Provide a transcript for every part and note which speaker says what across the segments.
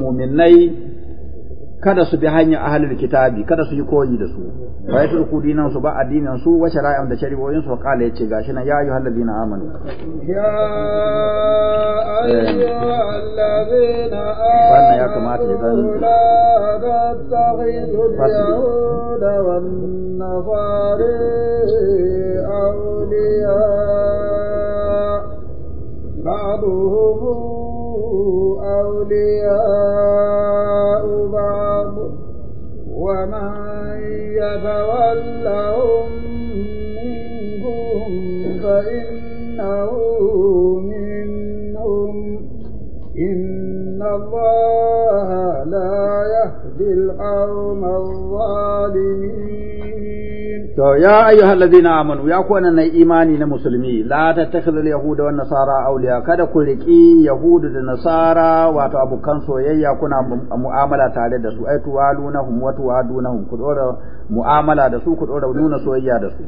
Speaker 1: muminai kada su bi hanyar ahalul kitabi kada su yi koyi da su wa ku dinan su ba addinin su wa da shari'o'in su kala yace gashi nan ya ayu ladina amanu ya eh. ayu
Speaker 2: amanu ya kamata ya zan to ya ayyuhal
Speaker 1: ladina amanu ya ku na imani na musulmi la tattakhidhul yahuda wan nasara awliya kada ku riki yahudu da nasara wato abokan soyayya kuna mu'amala tare da su ai tuwalunahum wa tuwadunahum ku dora mu'amala da su ku dora nuna soyayya da su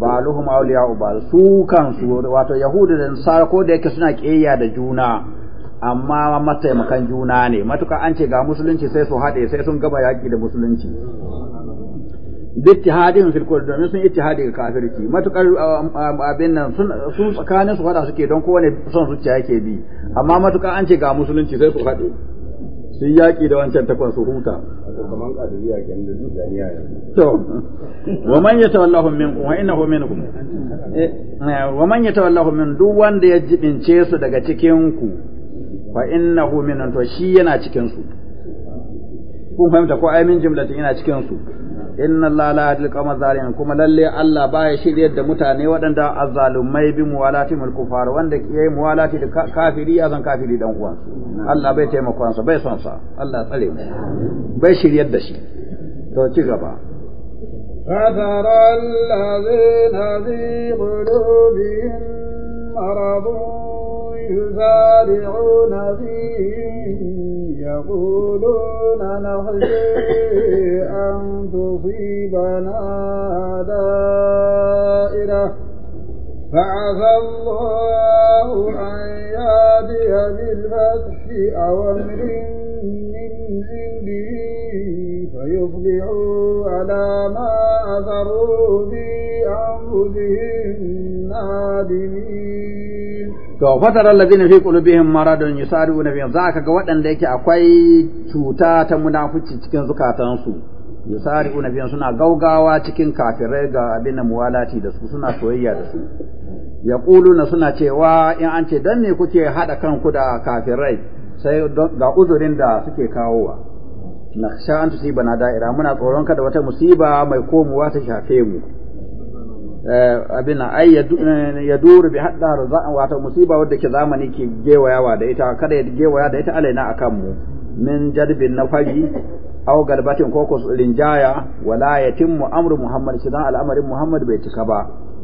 Speaker 1: ba baluhum awliya ba su kansu wato yahudu da nasara ko da yake suna kiyayya da juna amma mataimakan juna ne matuka an ce ga musulunci sai su haɗe sai sun gaba yaƙi da musulunci bittihadin fil kufr domin sun ittihadi ga kafirci matukar uh, um, abin nan sun su tsakanin su fada suke don kowane son zuciya yake bi amma matukar an ce ga musulunci sai su fade su yaki da wancan takwan su huta
Speaker 3: ke da
Speaker 1: to wa man yatawallahu minkum wa innahu minkum eh, eh, wa man yatawallahu min duk wanda ya jibince su daga cikin ku fa innahu minan to shi yana cikin su kun fahimta ko ai min jumlatin yana cikin su inna Allah la yahdil qawma zalimin kuma lalle Allah baya shirye da mutane waɗanda azzalumai bi muwalati mul kufar wanda yayi muwalati da kafiri ya zan kafiri dan uwan Allah bai taimakon sa bai son sa
Speaker 3: Allah tsare mu
Speaker 1: bai shiryar da shi to ci gaba
Speaker 2: فترى الذين في قلوبهم مرض يسارعون فيهم يقولون فعفى الله عن يأتي بالفتح أو أمر من عنده فيصبحوا على ما أثروا في أنفسهم نادمين
Speaker 1: to fatar allazina fi qulubihim maradun yusari'una bihim zaka ga waɗanda yake akwai cuta ta munafici cikin zukatansu yusari'una bihim suna gaugawa cikin kafirai ga abin muwalati da su suna soyayya da su na suna cewa in an ce don ne kuke haɗa kanku da kafirai sai ga uzurin da suke kawowa na sha an tusiba na da'ira muna tsoron kada wata musiba mai komowa ta shafe mu eh, abin ai ya eh, duru bi hadda wata musiba wadda ke zamani ke gewayawa da ita kada ya gewaya da ita alaina akan mu min jadbin na fari aw galbatin ko ko rinjaya wala yatimmu amru muhammad zan al'amarin muhammad bai cika ba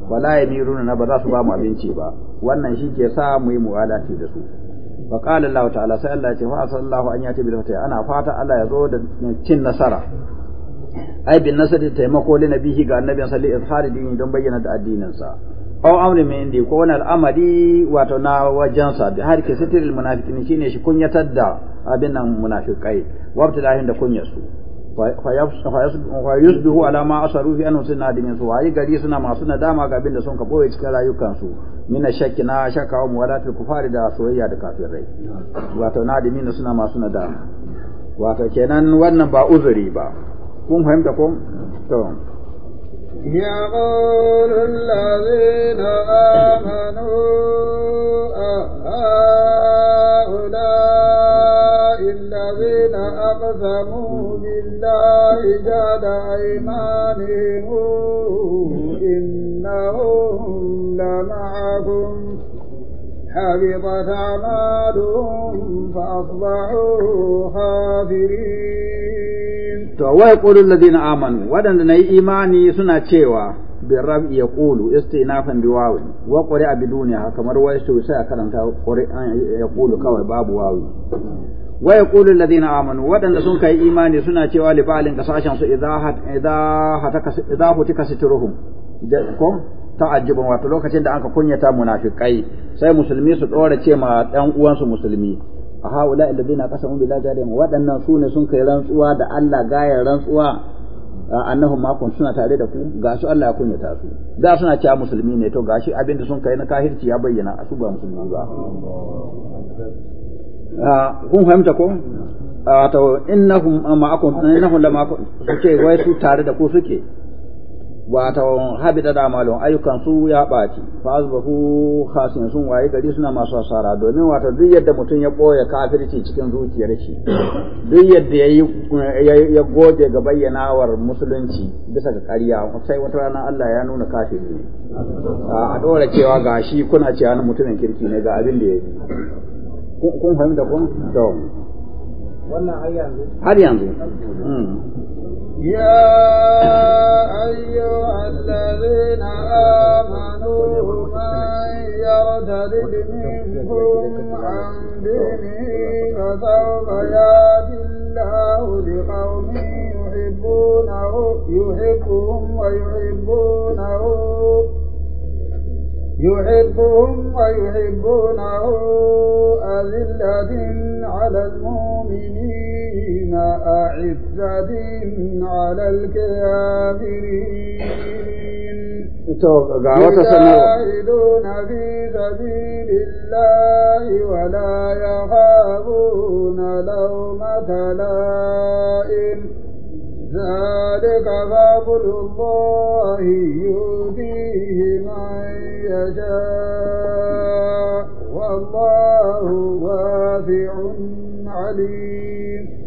Speaker 1: wala yamiruna na ba za su ba mu abinci ba wannan shi ke sa mu yi mu'alati da su fa qala Allah ta'ala sai Allah ya ce fa sallahu an yati bil fatah ana fata Allah ya zo da cin nasara ai bin nasari taimako li nabihi ga annabin salli izhari dini don bayyana da addinin sa aw amri min indi ko wani al'amari wato na wajen sa bi har ke sitiril munafiqin shine shi kunyatar da abin nan munafiqai wabtalahin da kunyar su wa hu ala ma asaru fi anhu sunna dinin su wai gari suna masu nadama ga abin da sun ka boye cikin rayukansu min shakki na shakka wa muwalatul kufari da soyayya da kafirai wato nadimin suna masu nadama wato kenan wannan ba uzuri ba kun fahimta ko to
Speaker 2: يقول الذين آمنوا أهؤلاء الذين أقسموا رجال أيمانهم إنهم لمعكم حبطت أعمالهم فأصبحوا خاسرين
Speaker 1: to wai qulul ladina amanu wadanda nayi imani suna cewa bin rab ya qulu istinafan bi wawin wa qari'a biduniha kamar wai a karanta qari'a ya qulu kawai babu wawi wa yaqulu alladhina amanu wadanda sun kai imani suna cewa li fa'alin su idza idza hataka idza hutika sitruhum ko ta'ajjuban wato lokacin da anka kunyata munafikai sai musulmi su dora ce ma dan uwansu musulmi a haula alladhina qasamu billahi jadahum wadannan su ne sun kai rantsuwa da Allah gayar rantsuwa annahum makon suna tare da ku ga su Allah ya kunyata su da suna cewa musulmi ne to gashi abinda sun kai na kahirci ya bayyana su ba musulmi ba
Speaker 3: Ah, kun
Speaker 1: fahimta ko wato ah, innahum ah, ma'akum innahum lama'akum suke wai su tare da ku suke wato habita da amalon ayyukan su ya baci fa azbahu khasin sun waye gari suna masu asara domin wato duk yadda mutum ya boye kafirci cikin zuciyar shi duk yadda yayi ya goge ga bayyanawar musulunci bisa ga ƙarya sai wata rana Allah ya nuna kafiri a dora cewa gashi kuna cewa mutumin kirki ne ga abin da yayi kun fahimta kun to
Speaker 2: wannan har yanzu
Speaker 1: har yanzu يا أيها
Speaker 2: الذين آمنوا من يرتد منكم عن دينه فسوف يأتي الله بقوم يحبونه يحبهم ويحبونه يحبهم ويحبونه أذلة على المؤمنين أعزة على الكافرين يجاهدون في سبيل الله ولا يخافون لومة لائم ذلك فضل الله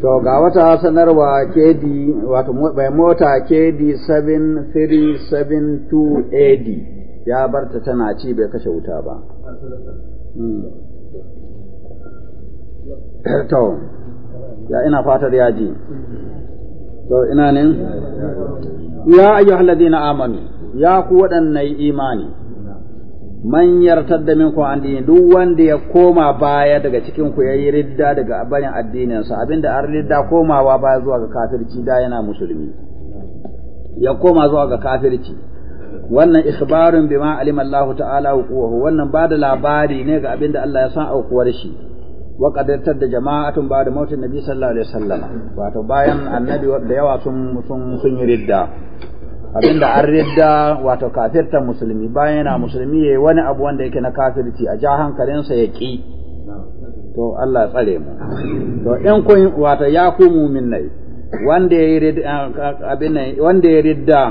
Speaker 1: to ga wata sanarwa KD wato bai mota KD 7372 AD ya barta tana ci bai kashe wuta ba hmm. to ya ina fatar ya ji to ina ne ya ayyuhal ladina amanu ya ku waɗannan imani man da minku an addini, duk wanda ya koma baya daga cikin ku yayi ridda daga bayan addinin sa abinda ar ridda komawa baya zuwa ga kafirci da yana musulmi ya koma zuwa ga kafirci wannan ikhbarun bima alima Allah ta'ala hukuhu wannan ba da labari ne ga abinda Allah ya san aukuwar shi wa qadartar da jama'atun ba da mautin nabi sallallahu alaihi wasallam wato bayan annabi da yawa sun sun yi ridda abinda an ridda wato kafirta musulmi bayan yana musulmi yayi wani abu wanda yake na kafirci a ja hankalinsa ya ki to Allah tsare mu to in kun wato ya ku nai wanda yayi ridda abin nan wanda yayi ridda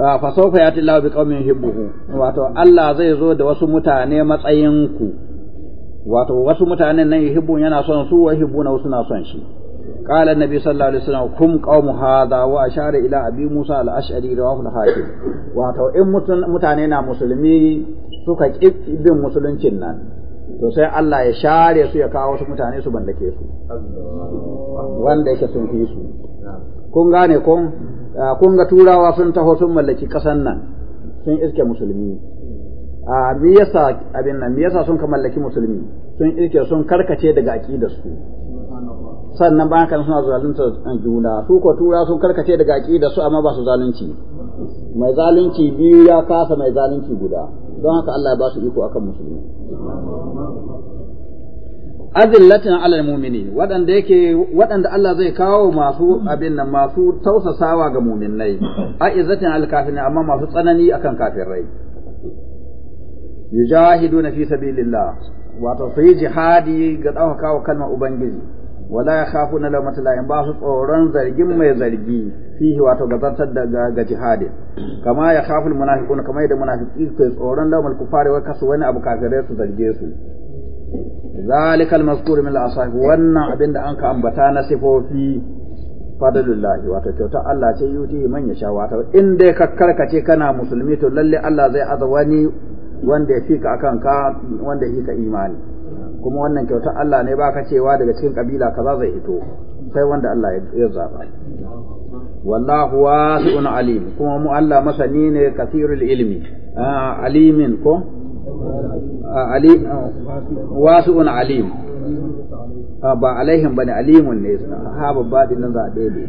Speaker 1: fa sawfa yati bi biqaumin yuhibbuhu wato Allah zai zo da wasu mutane matsayin ku wato wasu mutanen nan yuhibbun yana son su wa yuhibbuna suna son shi قال النبي صلى الله عليه وسلم كم قوم هذا واشار الى ابي موسى الاشعري رواه الحاكم واتو in mutane na musulmi suka bin musuluncin nan to sai Allah ya share su ya kawo wasu mutane su ballake su wanda yake sun fi su kun gane kun kun ga turawa sun taho sun mallaki kasan nan sun iske musulmi a me yasa abin nan me yasa sun ka mallaki musulmi sun iske sun karkace daga aqidar su sannan ba ka suna zalunta juna su ko tura sun karkace daga da su amma ba su zalunci mai zalunci biyu ya kasa mai zalunci guda don haka Allah ya ba su iko akan musulmi azillatin alal mumini waɗanda yake waɗanda Allah zai kawo masu abin nan masu tausasawa ga muminai izzatin alkafirin amma masu tsanani akan kafirai yujahiduna fi sabilillah wato su yi jihadi ga ɗaukaka wa kalmar ubangiji wala ya khafu na lamata la'in ba su tsoron zargin mai zargi fihi wato gazartar da ga jihadi kama ya khafu munafiquna kama yadda munafiki ke tsoron lamal kufari wai kasu wani abu kafirai su zarge su zalika al-mazkur min al-asahib wannan abin an ka ambata na sifofi fadlullahi wato kyauta Allah ce yuti man ya sha wato in dai ka karkace kana musulmi to lalle Allah zai azawani wanda ya fika akan ka wanda ya ka imani kuma wannan kyautar Allah ne ba baka cewa daga cikin kabila kaza zai fito sai wanda Allah ya zaba wallahu wasi'un alim kuma mu Allah masani ne kathirul ilmi alimin ko
Speaker 3: wasi'un alim
Speaker 1: ba alaihim bane alimun ne ha babba din nan za a daidai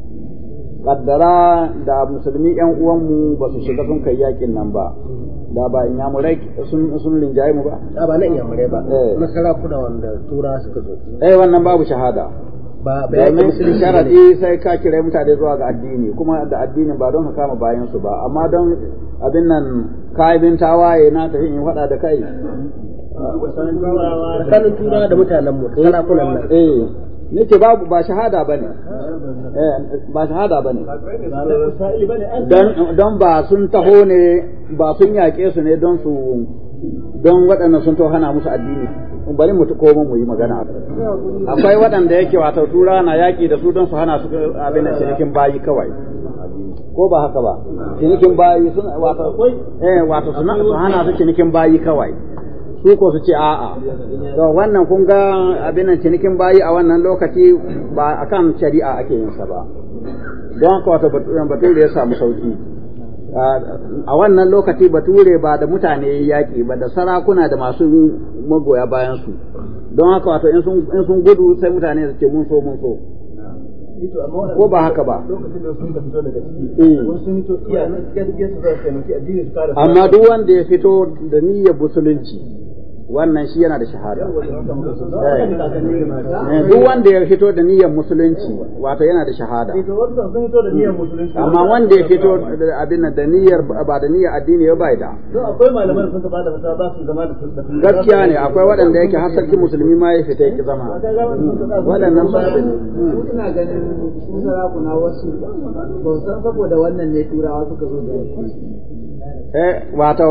Speaker 1: kaddara da musulmi yan uwanmu ba su shiga sun kai yakin nan ba da ba in yamurai sun sun linjaye mu ba da ba na in yamurai ba eh. nasara kuna wanda tura suka zo eh wannan babu shahada ba bayan sun sharadi sai ka kira mutane zuwa ga addini kuma da addinin ba don ka kama bayan su ba amma don abin nan bin tawaye na tafi in fada da kai
Speaker 3: sanin turawa da mutanen mu sarakunan nan
Speaker 1: eh. nake babu ba shahada bane eh, ba shahada bane don ba sun taho ne ba sun yake su ne don su don waɗannan sun taho hana musu addini bari mu ko mu yi magana
Speaker 3: akwai waɗanda
Speaker 1: yake wato tura na yaƙi da su don su hana su abin da cinikin bayi kawai ko ba haka ba cinikin bayi sun wato eh wato su hana su cinikin bayi kawai su ko su ce a'a to wannan kun ga abin nan cinikin bayi a wannan lokaci ba akan shari'a ake yin sa ba don ka wato bature ya samu sauki a wannan lokaci bature ba da mutane yaƙi ba da sarakuna da masu magoya bayan su don haka wato in sun gudu sai mutane su ce mun so mun so
Speaker 3: ko ba haka ba eh. amma
Speaker 1: duk wanda ya fito da niyyar musulunci wannan shi yana da shahada eh, duk wanda ya fito da niyyar musulunci wato yana da shahada
Speaker 3: amma wanda ya fito da
Speaker 1: abin da niyyar ba da niyyar addini ya bai da
Speaker 3: akwai malaman sun ba da fata ba su zama da gaskiya ne akwai waɗanda yake hasarki
Speaker 1: musulmi ma ya fita yake zama
Speaker 2: waɗannan ba su suna ganin sun sarakuna wasu ba san saboda wannan ne turawa suka zo da
Speaker 1: eh, wato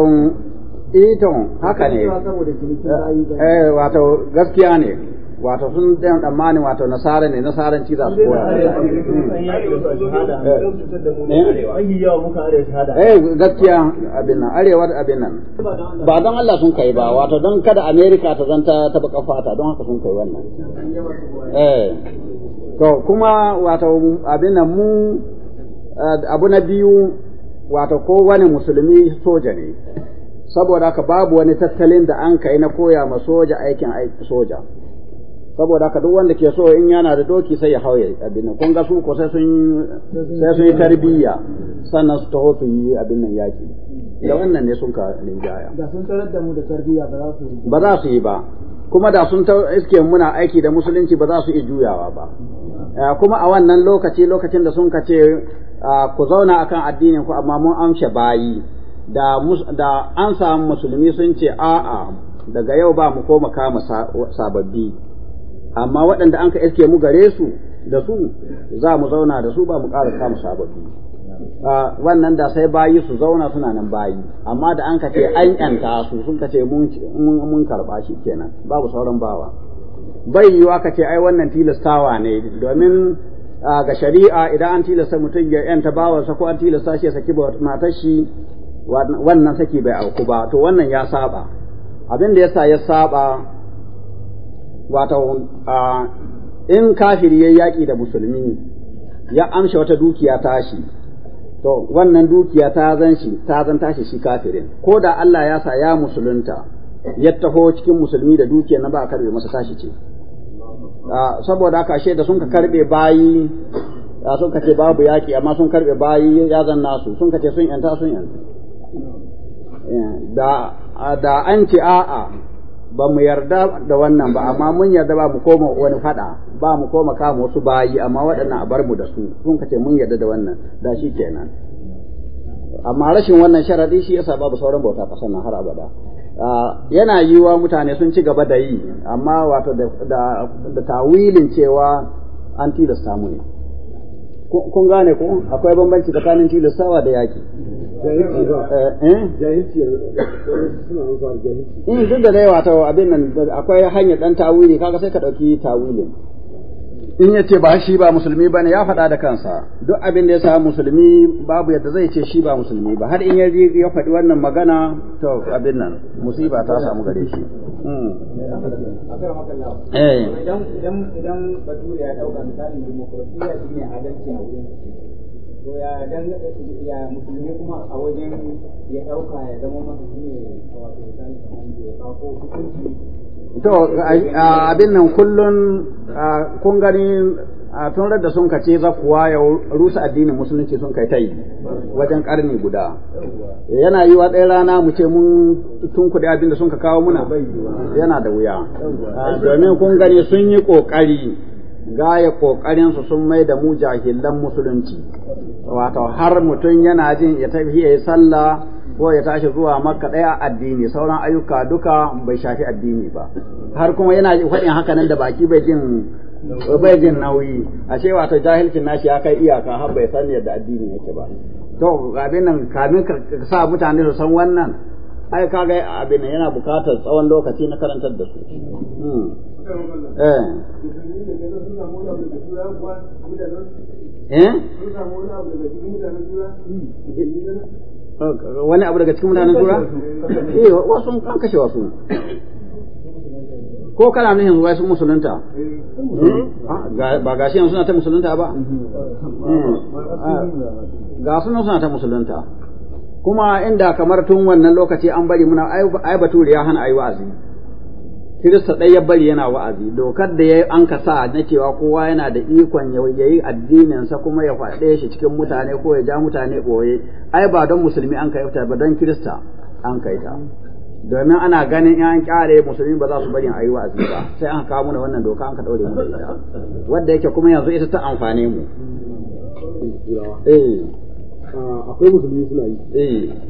Speaker 1: iton eh haka ne. Eh wato gaskiya ne. Wato sun dan tsammanin wato nasara ne ci za su koya.
Speaker 3: Eh. eh gaskiya abin nan
Speaker 1: arewa abin nan. Ba don Allah sun kai ba wato don kada Amerika ta zanta ta baka fata don haka sun kai wannan. Eh to kuma wato abin nan mu eh, abu na biyu wato kowane musulmi soja ne. saboda haka babu wani tattalin da an kai na koya ma soja aikin soja saboda haka duk wanda ke so in yana da doki sai ya hauye abin nan kun ga su ko sai sun sai sun yi tarbiyya sannan su taho su yi abin nan yaki da wannan ne sun ka linjaya
Speaker 3: da sun tarar da mu da tarbiyya ba za su yi ba za
Speaker 1: su yi ba kuma da sun ta iske muna aiki da musulunci ba za su yi juyawa ba eh, kuma a wannan lokaci lokacin da sun ka ce ah, ku zauna akan addinin ku amma mun amshe bayi da da an samu musulmi sun ce a'a daga yau ba mu koma kama sababbi amma waɗanda an ka iske mu gare su da su za mu zauna da su ba mu ƙara kama sababbi wannan da sai bayi su zauna suna nan bayi amma da an ka ce an yanta su sun ka ce mun karɓa shi kenan babu sauran bawa bai yiwa ka ce ai wannan tilastawa ne domin ga shari'a idan an tilasta mutum ya yanta bawansa ko an tilasta shi ya saki matar shi wannan saki bai auku ba to wannan ya saba abin da yasa ya saba wato in kafiri ya yaƙi da musulmi ya amshe wata dukiya tashi to wannan dukiya ta zan shi ta zan tashi shi kafirin ko da Allah ya sa ya musulunta ya taho cikin musulmi da dukiya na ba karbe masa tashi ce saboda haka she da sun ka karbe bayi sun ka ce babu yaƙi amma sun karbe bayi ya zan nasu sun ka ce sun yanta sun yanta da an ce a'a ba mu yarda da wannan ba amma mun yarda ba mu koma wani fada ba mu koma kama wasu bayi amma waɗannan a bar mu da su kace mun yarda da wannan da shi kenan amma rashin wannan sharadi shi yasa babu sauran bauta kasan nan har abada yana yiwa mutane sun ci gaba da yi amma wato da tawilin cewa an tilasta mu ne kun gane ko akwai bambanci tsakanin tilastawa da yaki in duk da dai wato abin nan akwai hanyar dan tawili kaga sai ka dauki tawilin in yace ba shi ba musulmi bane ya faɗa da kansa duk abin da ya sa musulmi babu yadda zai ce shi ba musulmi ba har in ya ji ya faɗi wannan magana to abin nan musiba ta samu gare shi
Speaker 3: idan idan bature ya dauka misalin demokrasiya shine adalci a wurin to ya dan ya musulmi kuma a wajen ya dauka ya zama masa shine wato misali kamar ya kawo hukunci
Speaker 1: to abin nan kullun kun gani a tun da sun kace kuwa ya rusa addinin musulunci sun kai tai wajen karni guda yana yi wa ɗaya rana mu ce mun tun kuɗi abin da sun ka kawo muna yana da wuya domin kun gani sun yi ƙoƙari gaya ƙoƙarinsu sun mai da mu jahilan musulunci wato har mutum yana jin ya tafi ya yi sallah ko ya tashi zuwa makka a addini sauran ayyuka duka bai shafi addini ba har kuma yana faɗin haka nan da baki bai jin bai jin nauyi a ce wato jahilcin nashi ya kai iyaka har bai san yadda
Speaker 3: addini yake ba
Speaker 1: to abin nan kamin ka sa mutane su san wannan ai kaga abin yana bukatar tsawon lokaci na karantar da su hmm. wani abu
Speaker 4: daga cikin mutanen tura?
Speaker 3: eh wasu an kashe wasu
Speaker 1: ko kana nuhin wai sun musulunta
Speaker 3: hmm? ah, ba gashi yanzu
Speaker 1: suna ta musulunta ba hmm. ga sunan suna ta musulunta kuma inda kamar tun wannan lokaci an bari muna ai da ya hana ayi wa'azi Kirista ɗaya ya bari yana wa'azi, dokar da ya an ka sa na cewa kowa yana da ikon ya yi addininsa kuma ya faɗe shi cikin mutane ko ya ja mutane ɓoye, ai ba don musulmi an kai ta ba don Kirista an kai ta. Domin ana ganin in an ƙyare musulmi ba za su bari a yi wa'azi ba, sai an kawo mana wannan doka an ka
Speaker 3: ɗaure mu da ita.
Speaker 1: Wadda yake kuma yanzu ita ta amfane mu. Eh. Eh.
Speaker 2: Ah, akwai musulmi suna yi.
Speaker 3: Eh.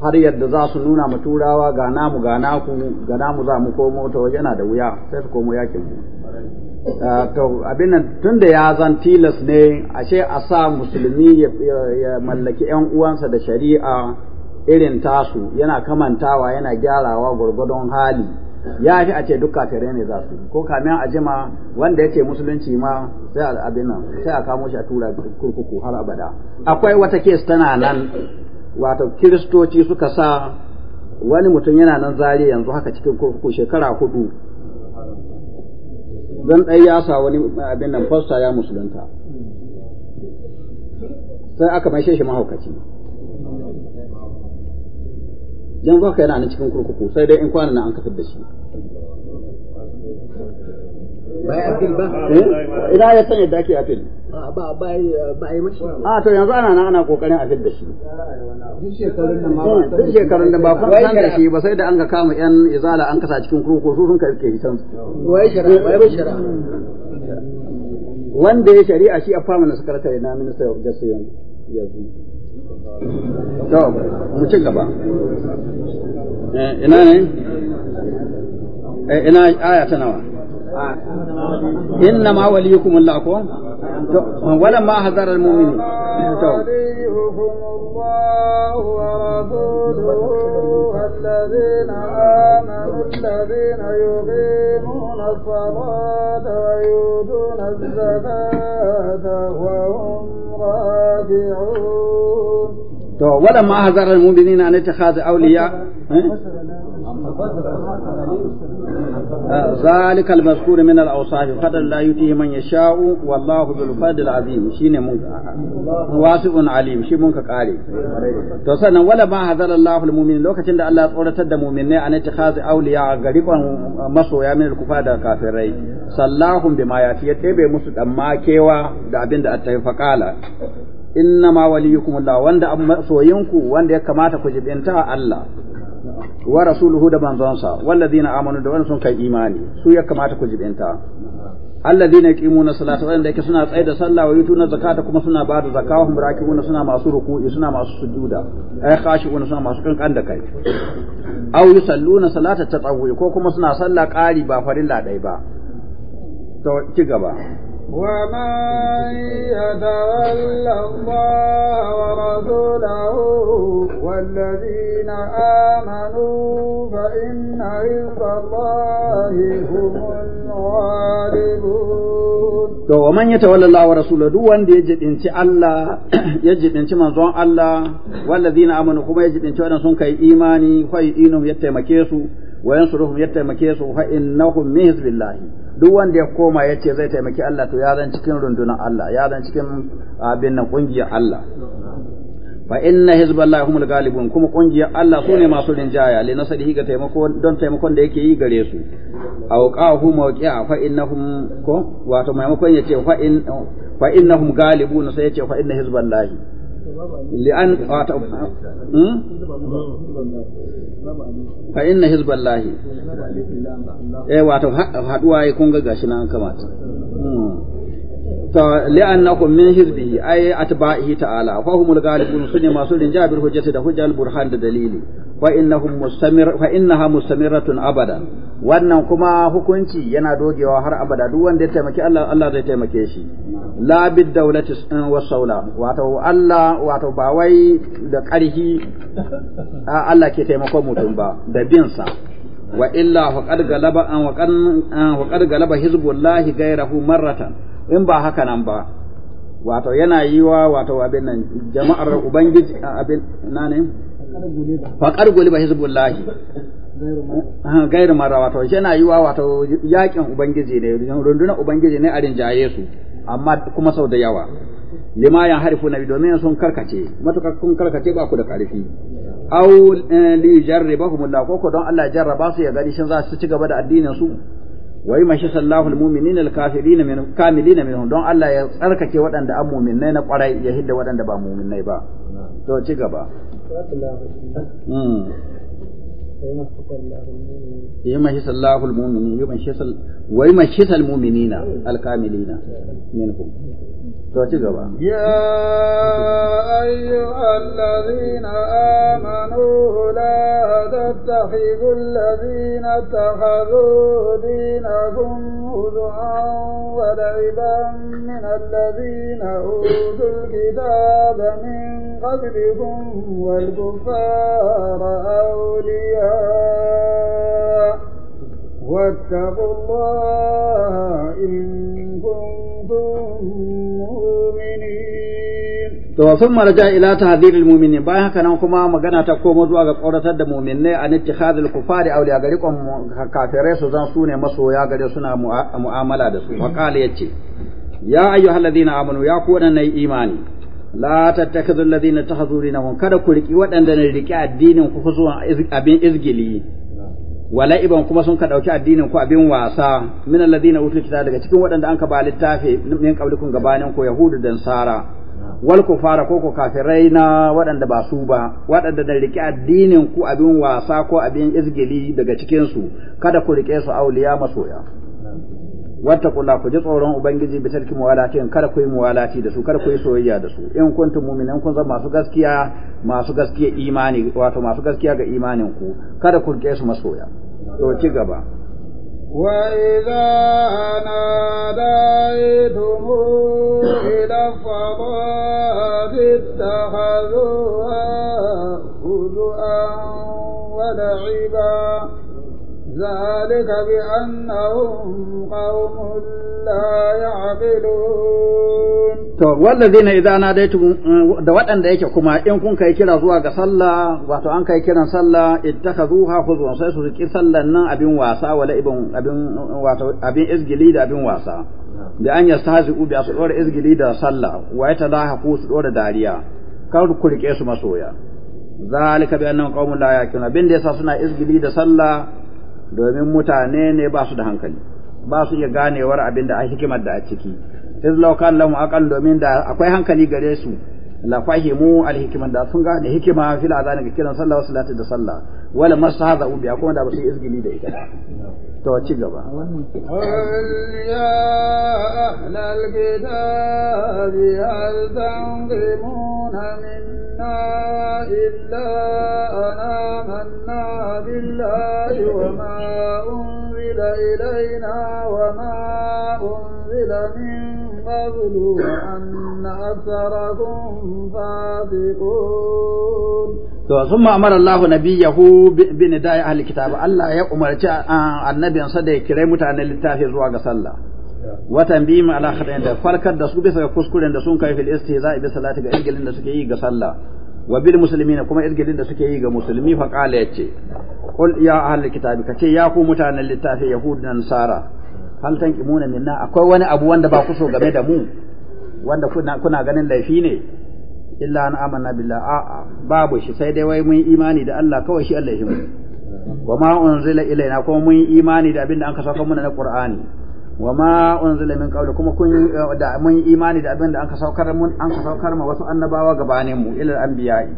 Speaker 1: har yadda za su nuna mu turawa ga namu ga naku ga namu za mu komo to yana da wuya sai su komo yakin mu ah, to abin nan tunda ya zan tilas ne ashe a sa musulmi ya mallaki yan uwansa da shari'a irin tasu yana kamantawa yana gyarawa gwargwadon hali ya fi a ce duk kafirai ne za su ko kamin a jima wanda yake musulunci ma sai abin sai a kamo shi a tura kurkuku har abada akwai wata kes tana nan wato kiristoci suka sa wani mutum yana nan zari yanzu haka cikin kurkuku shekara hudu zan ɗaya ya sa wani abin nan fasta ya musulunta sai aka maishe shi mahaukaci yanzu haka yana nan cikin kurkuku sai dai in kwana an kafar da shi
Speaker 3: ba eh? Eh? Ina ya sanya da ake afil? Ba ba yi mashi. A to yanzu ana
Speaker 1: nan ana kokarin afil da shi.
Speaker 3: Duk shekarun da ba kun san da shi
Speaker 1: ba sai da an ka kama yan izala an kasa cikin kurkuku su sun karke shi can. Wai shari'a wai ba shara. Wanda ya shari'a shi a fama na sakatare na minista of justice yanzu. To, mu ci gaba.
Speaker 3: Eh, ina ne?
Speaker 1: Ina aya ta nawa? إنما وليكم الله ولا ما حذر
Speaker 3: المؤمنين وليكم
Speaker 2: الله ورسوله الذين آمنوا الذين يقيمون الصلاة ويؤتون الزكاة وهم راجعون
Speaker 1: ولا ما hazara المؤمنين أن yattakhadha أولياء
Speaker 3: إيه؟ ذلك
Speaker 1: المذكور من الأوصاف فضل لا يؤتيه من يشاء والله ذو الفضل العظيم شين من واسع عليم شي من كقاري to sannan wala ma hazal Allah almu'min lokacin da Allah ya tsoratar da mu'minai a ittikhazi awliya gariban masoya min alkufa da kafirai sallahum bima yafi ya tebe musu dan makewa da abin da attahi faqala inna ma waliyukum Allah wanda soyinku wanda ya kamata ku jibinta Allah wa rasuluhu da manzonsa wallazina amanu da sun kai imani su ya kamata ku jibinta alladhina yuqimuna salata wanda yake suna tsaye da sallah wa yutuna zakata kuma suna ba da zakawa. hum rakibuna suna masu ruku'i suna masu sujuda ay khashi'una suna masu kankan da kai aw yusalluna salata tatawwi ko kuma suna sallah qari ba farilla dai ba to ci gaba
Speaker 2: ومن يتول الله ورسوله والذين آمنوا فإن الله هم الغالبون
Speaker 1: to man ya tawalla Allah wa rasulahu duk wanda ya jidinci Allah ya jidinci manzon Allah zina amanu kuma ya jidinci wadan sun kai imani fa inum ya taimake su wa yansuruhum ya taimake su hu, duk wanda ya koma ya ce zai taimaki Allah to ya zan cikin rundunar Allah ya zan cikin abin nan kungiyar Allah fa inna hizballahi humul galibun kuma kungiyar Allah su ne masu rinjaya li nasarihi ga taimako don taimakon da yake yi gare su awqahu mawqi'a fa innahum ko wato maimakon ce fa in fa innahum galibun sai ya ce fa inna hizballahi
Speaker 3: li'an wato hmm? fa inna hizballahi eh wato haduwa
Speaker 1: kun ga gashi nan kamata hmm. to li'annakum min hizbihi ay atba'ihi ta'ala fa humul ghalibun sunni masu rinja hujjati da hujjal burhan da dalili fa innahum mustamir fa innaha mustamiratun abada wannan kuma hukunci yana dogewa har abada duk wanda ya taimaki Allah Allah zai taimake shi la bid dawlati eh, wa sawla wato Allah wato ba wai da ƙarhi Allah ke taimakon mutum ba da bin sa wa illa faqad galaba an wa qad galaba hizbullahi ghayrahu marratan in ba haka nan ba wato yana yiwa wato abin nan jama'ar ubangiji eh, abin na ne faƙar guli ba lahi gairu mara wato yana yi wa wato yakin ubangiji ne rundunar ubangiji ne a rinjaye su amma kuma sau da yawa lima yan harifu nabi domin sun karkace matukar kun karkace ba ku da karfi aw eh, li jarribahumullah ko koko don Allah jarraba su ya gani shin za su ci gaba da addinin su wai mashi sallahu almu'minina alkafirina min kamilina min don Allah ya tsarkake waɗanda an mu'minnai na kwarai ya hidda waɗanda ba mu'minnai ba to ci gaba يمحص الله المؤمنين يمحص ويمحص المؤمنين الكاملين منهم يا
Speaker 2: أيها الذين آمنوا لا تتخذوا الذين اتخذوا دينكم هزعا ولعبا من الذين أوتوا الكتاب من قبلكم والكفار أولياء واتقوا الله إن كنتم مؤمنين to sun marja ila
Speaker 1: tahdhiril mu'minin bayan haka nan kuma magana ta komo zuwa ga tsoratar da mu'minai an ittikhadul kufari awliya gari rikon kafirai su zan sune masoya gare suna mu'amala da su wa qala yace ya ayyuhalladhina amanu ya ku imani la tattakhidhu alladhina tahdhuruna kada ku riki waɗanda ne riki addinin ku zuwa abin izgili wala'iban kuma sun ka dauki addinin ku abin wasa min alladhina utul kitaba daga cikin waɗanda an ka ba littafi min qablikum gabanin ku yahudu da Sara. wal kufara ko ko kafirai na waɗanda ba su ba waɗanda da rike addinin ku abin wasa ko abin izgili daga cikin su kada ku rike su auliya masoya wata kula ku ji tsoron ubangiji bi tarki muwalatin kada ku yi muwalati da su kada ku yi soyayya da su in kuntum mu'minan kun zama masu gaskiya masu gaskiya imani wato masu gaskiya ga imanin ku kada ku rike su masoya to ci gaba
Speaker 2: وإذا ناديتم إلى الصلاة اتخذوها wa la'iba ذلك بأنهم قوم لا يعقلون
Speaker 1: to wallazina idza nadaitum eh, da waɗanda yake kuma in kun kai kira zuwa ga sallah wato an kai kiran sallah ittakhazuha khuzwan sai su ki sallan nan abin wasa wala ibn abin wato abin izgili da abin wasa da an yastahzi'u bi su dora izgili da sallah wa yatalahaku su dora dariya kar ku rike su masoya zalika bi annahum qaumun la yaqilun abin da yasa suna izgili da sallah domin mutane ne ba su da hankali ba su iya ganewar abin da a hikimar da a ciki iz law kan aqal domin da akwai hankali gare su la fahimu al hikimar da sun gane hikima fil azan ga kiran sallah wa salati da sallah wala mastahza'u biha kuma da ba su izgili da ita to ci gaba
Speaker 2: ya ahlal kitabi hal ana wa
Speaker 1: amarahu bi nidai ahli kitab Allah ya umarci annabinsa da ya kire mutanen littafi zuwa ga sallah wa tanbihim ala khadain da farkar da su bisa ga kuskuren da sun kai fil istihza'i bi salati ga irgilin da suke yi ga sallah wa bil muslimina kuma irgilin da suke yi ga musulmi fa qala yace qul ya ahli kitab kace ya ku mutanen littafi yahud dan sara hal tanqimuna minna akwai wani abu wanda ba ku so game da mu wanda kuna ganin laifi ne illa an amanna billah a'a babu shi sai dai wai mun imani da Allah kawai shi Allah ya wa ma unzila ilaina kuma mun imani da abin da an ka sauka mana na Qur'ani wa ma unzila min qabli kuma kun eh, da mun imani da abin da an ka saukar mun an ka saukar ma wasu annabawa gabanin mu ila anbiya'i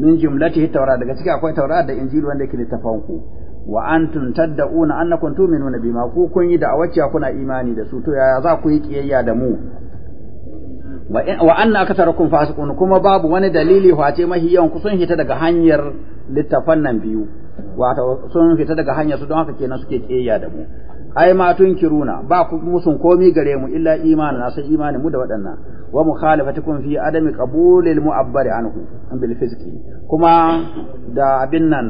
Speaker 1: min jumlatihi tawrat daga ciki akwai tawrat da injil wanda yake littafan ku wa antum tadda'una annakum tu'minuna bima ku kun yi da'awacciya kuna imani da su to yaya za ku yi kiyayya da mu wa anna aktharakum fasiqun kuma babu wani dalili face mahi yawan ku sun fita daga hanyar littafan nan biyu wato sun fita daga hanyar su don haka kenan suke keya da mu ai ma tunkiruna ba ku musun komi gare mu illa imani na sai imani mu da waɗannan wa mukhalafatukum fi adami qabulil mu'abbari anhu bil fizqi kuma da abin nan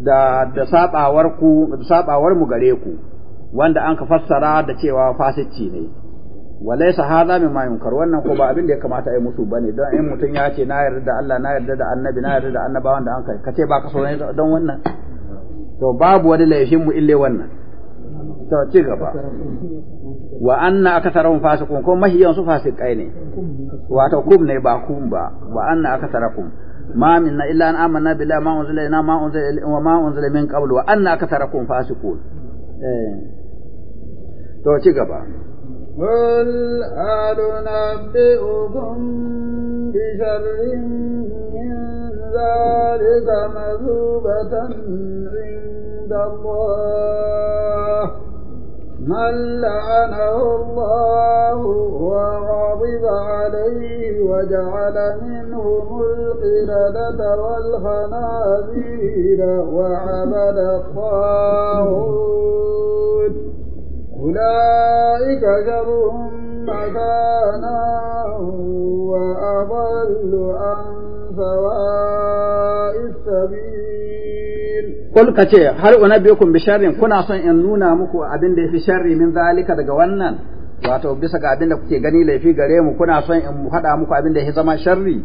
Speaker 1: da da sabawar ku sabawar mu gare ku wanda an ka fassara da cewa fasici ne walaysa hadha ma yunkar wannan ko ba abin da ya kamata ai musu bane don in mutun ya ce na yarda da Allah na yarda da annabi na yarda da annabawan da an kai kace ba ka so ne don wannan to babu wani laifin mu ille wannan to ci gaba wa anna akatharum fasiqun ko mahiyan su fasikai ne wato kum ne ba kum ba wa anna akatharakum ma minna illa an amanna billahi ma unzila ina ma unzila wa ma unzila min qablu wa anna akatharukum fasiqun eh to ci gaba
Speaker 2: قل أنبئكم بشر من ذلك مثوبة عند الله من لعنه الله وغضب عليه وجعل منهم القردة والخنازير وعبد الطاغوت أولئك شرهم مكانا وأضل عن سواء السبيل قل
Speaker 1: كتير هل son in nuna muku abin da ya fi sharri min zalika daga wannan? wato bisa ga abin da kuke gani laifi gare mu kuna son in haɗa muku abin da ya zama sharri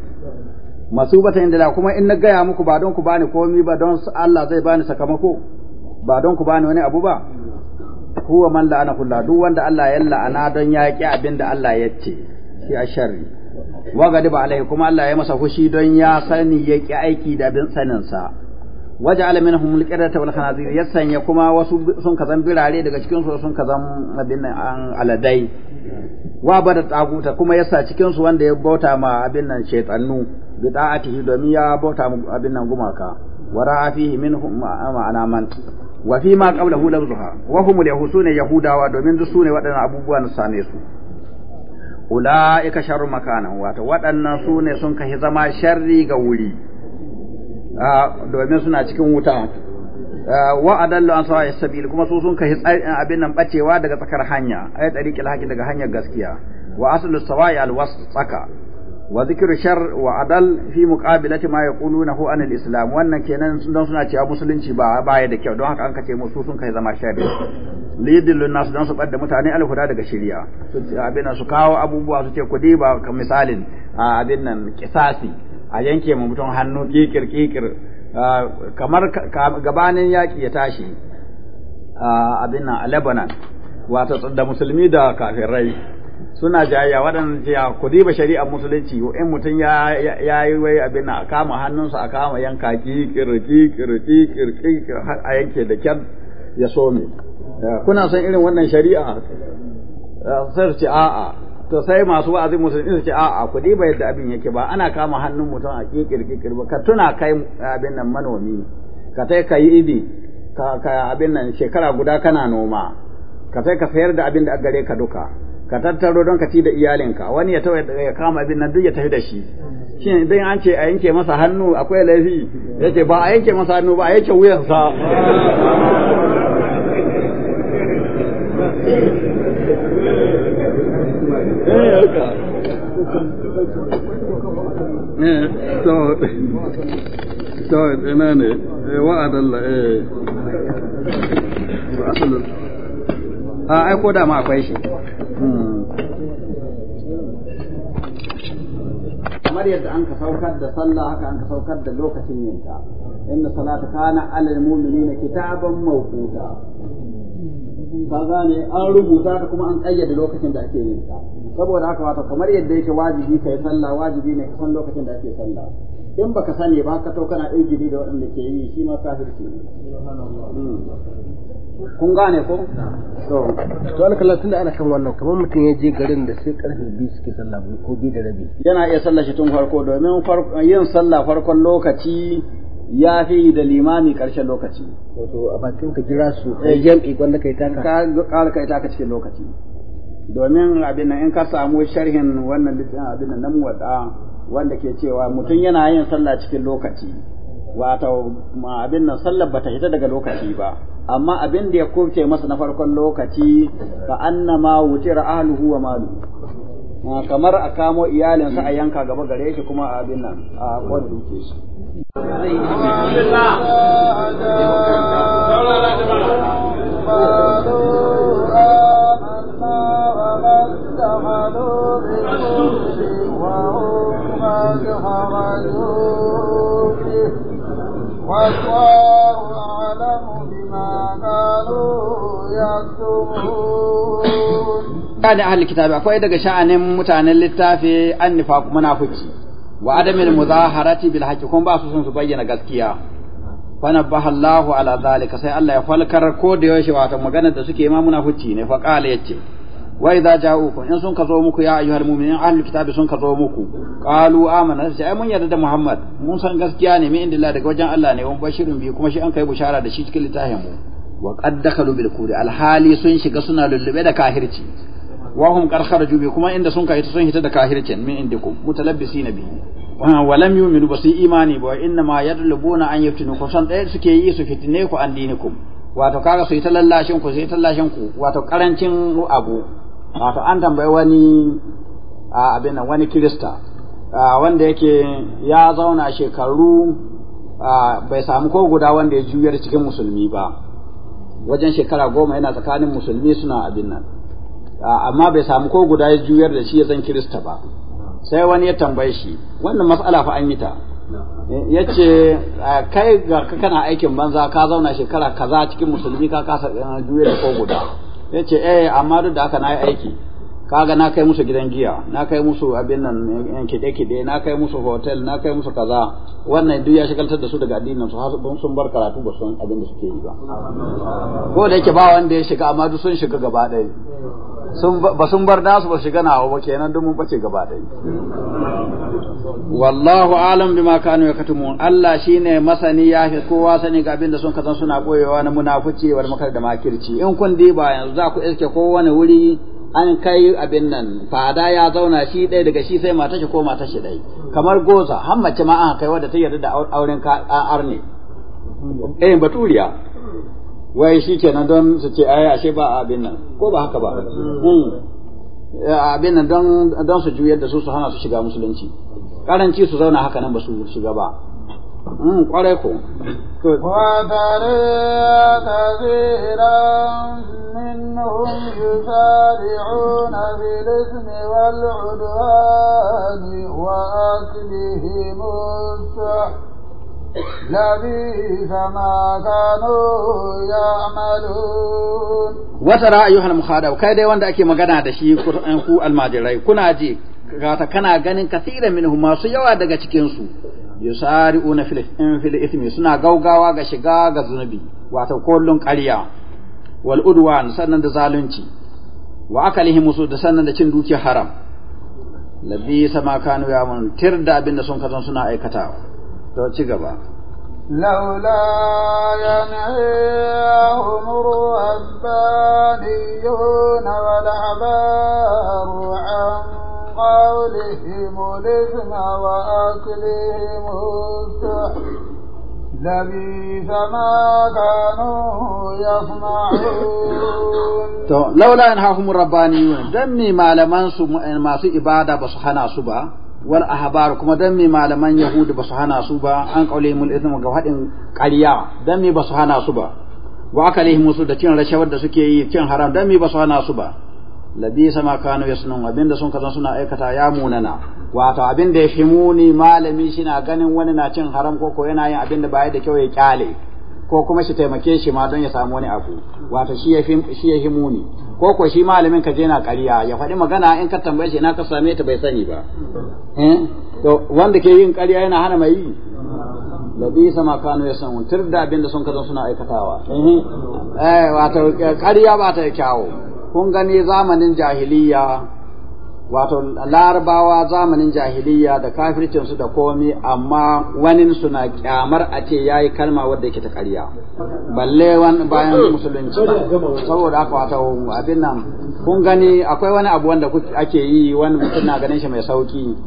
Speaker 1: masu bata inda kuma in na gaya muku ba don ku bani komi ba don Allah zai bani sakamako ba don ku bani wani abu ba huwa man la'ana kullu duk wanda Allah ya la'ana don ya ki abin Allah ya ce shi a sharri wa ba alaihi kuma Allah ya masa fushi don ya sani ya ki aiki da bin sanin sa waje alamin hum alqirata wal khanazir ya sanya kuma wasu sun kazan birare daga cikin su sun kazan abin an aladai wa bada taguta kuma yasa cikin su wanda ya bauta ma abin nan shaytanu bi ta'atihi domin ya bauta abin nan gumaka wara fihi minhum ma'ana man wa fi ma hu lafzuha wa hum al-yahusuna yahudawa domin duk sune waɗannan abubuwa na same su ulaika sharru makanan wato waɗannan sune sun kai zama sharri ga wuri domin suna cikin wuta wa adallu an sawa'i sabil kuma su sun kai abin nan bacewa daga tsakar hanya ay tariqil haqi daga hanyar gaskiya wa aslu sawa'i al tsaka wa zikru shar wa adal fi muqabilati ma yaqulunahu an al-islam wannan kenan don suna cewa musulunci ba baya da kyau don haka an kace musu sun kai zama shari lidilun nas dan su badda mutane alhuda daga shari'a abin su kawo abubuwa su ce kudi ba misalin abin nan kisasi a yanke mu mutum hannu kikir kikir kamar gabanin yaki ya tashi abin nan a Lebanon wato da musulmi da kafirai suna jayayya waɗanda ce ku diba shari'ar musulunci in mutum ya ya yi wai abin a kama hannunsa a kama yanka
Speaker 3: kikir kikir
Speaker 1: kikir kikir har a yanke da kyan ya so me kuna son irin wannan shari'a sai su ce a'a to sai masu wa'azin musulmi su ce a'a ku diba yadda abin yake ba ana kama hannun mutum a kikir kikir ba ka tuna kai abin nan manomi ka tai ka yi idi ka abin nan shekara guda kana noma ka sai ka sayar da abin da gare ka duka ka tattaro don ka ci da iyalinka wani ya tawa ya kama abin nan duk ya tafi da shi shi idan an ce a yanke masa hannu akwai laifi ya ce ba a yanke masa hannu ba a yanke wuyansa
Speaker 2: to ina ne eh a aiko
Speaker 1: da ma akwai shi kamar yadda an ka saukar da sallah haka an ka saukar da lokacin yinta inna salata kana alal mu'minina kitaban mawquta ka gane an rubuta ka kuma an kayyade lokacin da ake yin ta saboda haka wato kamar yadda yake wajibi kai sallah wajibi ne ka lokacin da ake sallah in baka sani ba ka to kana izgidi da waɗanda ke yi shi ma kafirci hmm. kun gane ko to
Speaker 3: to alkalla tunda ana kan wannan kamar mutum ya je garin da sai karfe biyu suke sallah ko biyu da rabi
Speaker 1: yana iya sallah shi tun farko domin yin sallah farkon lokaci ya fi da limami karshen lokaci wato a bakin ka jira su kai eh. jam'i gwanda kai taka ka ƙara kai taka cikin lokaci domin abin nan in ka samu sharhin wannan littafin abin nan na muwadda wanda ke cewa mutum yana yin sallah cikin lokaci wato abin nan sallar bata hita daga lokaci ba amma abin da ya kurce masa na farkon lokaci fa annama wutira ahluhu wa malu ah, kamar a kamo iyalinsa a yanka gaba gare shi kuma abin nan a kwada duke shi
Speaker 2: وهم قد خرجوا
Speaker 1: Kanin ahli kitabi akwai daga sha'anin mutanen littafi an nufa muna fuki wa adamin muzaharati bil haqqi kuma ba su son su bayyana gaskiya fana bahallahu ala zalika sai Allah ya falkar ko da yaushe wato magana da suke ma muna ne fa qala yace wa idza ja'uku in sun kazo muku ya ayyuhal mu'minin ahlul kitabi sun kazo muku qalu amana sai mun yarda da Muhammad mun san gaskiya ne min indillah daga wajen Allah ne wani bashirin bi kuma shi an kai bushara da shi cikin littafin mu wa qad dakhalu bil kufri alhali sun shiga suna lullube da kahirci wa hum qad kharaju bi kuma inda sun kai sun hita da kahircin min indikum mutalabbisina bihi wa lam yu'minu bi imani ba inna ma yadlubuna an yaftinu ko san dai suke yi su fitine ku an dinikum wato kaga su yi tallashin ku su yi tallashin ku wato karancin abu wato an tambayi wani abin nan wani kirista wanda yake ya zauna shekaru bai samu ko guda wanda ya juyar cikin musulmi ba wajen shekara goma yana tsakanin musulmi suna abin nan amma bai samu ko guda ya juyar da shi ya zan kirista ba sai wani ya tambaye shi wannan mas'ala fa an yi ta ya ce kai ga kana aikin banza ka zauna shekara kaza cikin musulmi ka kasa eh, juye da ko guda ya ce eh amma duk da haka na yi aiki kaga na kai musu gidan giya na kai musu abin nan eh, kide-kide na kai musu hotel na kai musu kaza wannan duk ya shigaltar da su daga addinin su sun bar karatu ba sun abin da suke yi ba
Speaker 3: ko da yake ba
Speaker 1: wanda ya shiga amma duk sun shiga gaba ɗaya ba sun bar nasu ba shiga nawa ba kenan duk mun bace gaba dai
Speaker 3: wallahu
Speaker 1: alam bima kanu yakatumun Allah shine masani ya fi kowa sani ga abin da sun kasan suna koyewa na munafuci wal makar da makirci in kun diba yanzu za ku iske kowane wuri an kai abin nan fada ya zauna shi ɗaya daga shi sai mata shi ko mata shi ɗaya kamar goza har mace ma an kai wadda ta yarda da auren arne eh baturiya wai shi kenan don su ce ai ashe ba abin nan ko ba haka ba hmm. abin nan don su juyar da su su hana su shiga musulunci karanci su zauna haka nan ba su shiga ba hmm, kwarai ko
Speaker 2: وترى كثيرا منهم يسارعون بالإثم والعدوان وأكلهم السحت لبيس
Speaker 1: ra'ayi كانوا يعملون kai أيها wanda ake magana da shi ku almajirai kuna ji gata kana ganin kasira minhum masu yawa daga cikin su yusari'una fil fil suna gaugawa ga shiga ga zunubi wata kullun ƙarya wal udwan sannan da zalunci wa akalihim su da sannan da cin dukiyar haram labisa sama kanu ya mun tirda abinda sun kazan suna aikata. توجي كبا
Speaker 2: لولا ينهيهم الربانيون والعبار عن قولهم الاثم واكلهم لبيث ما كانوا يصنعون
Speaker 1: تو لولا ينهاهم الربانيون دمي ما لمن ما في عباده بصحنا صبا wal ahbar kuma dan me malaman yahudu basu hana su ba an kaule mul ismu ga hadin qariya dan me basu hana su ba wa musu da cin rashawar da suke yi cin haram dan me basu hana su ba labisa ma kanu yasnun abinda sun kazan suna aikata ya munana wato abinda ya fi muni malami shi na ganin wani na cin haram ko ko yana yin abinda ba ya da kyau ya kyale ko kuma shi taimake shi ma don ya samu wani abu wato shi ya shi ya himuni ko ko shi malamin ka je na ƙarya ya faɗi magana in ka tambaye shi na ka same ta bai sani ba eh to wanda ke yin ƙarya yana hana mai yi labisa sama kanu ya sanu tur da abin da sun kazo suna aikatawa eh? eh wato ƙarya ba ta kyawo. kun gani zamanin jahiliya wato larabawa zamanin jahiliya da kafircin su da komi amma wani suna kyamar a ce yayi kalma wadda yake ta ƙarya
Speaker 2: balle wani bayan musulunci
Speaker 1: saboda haka wato abin nan kun gani akwai wani abu wanda ake yi wani mutum na ganin shi mai sauki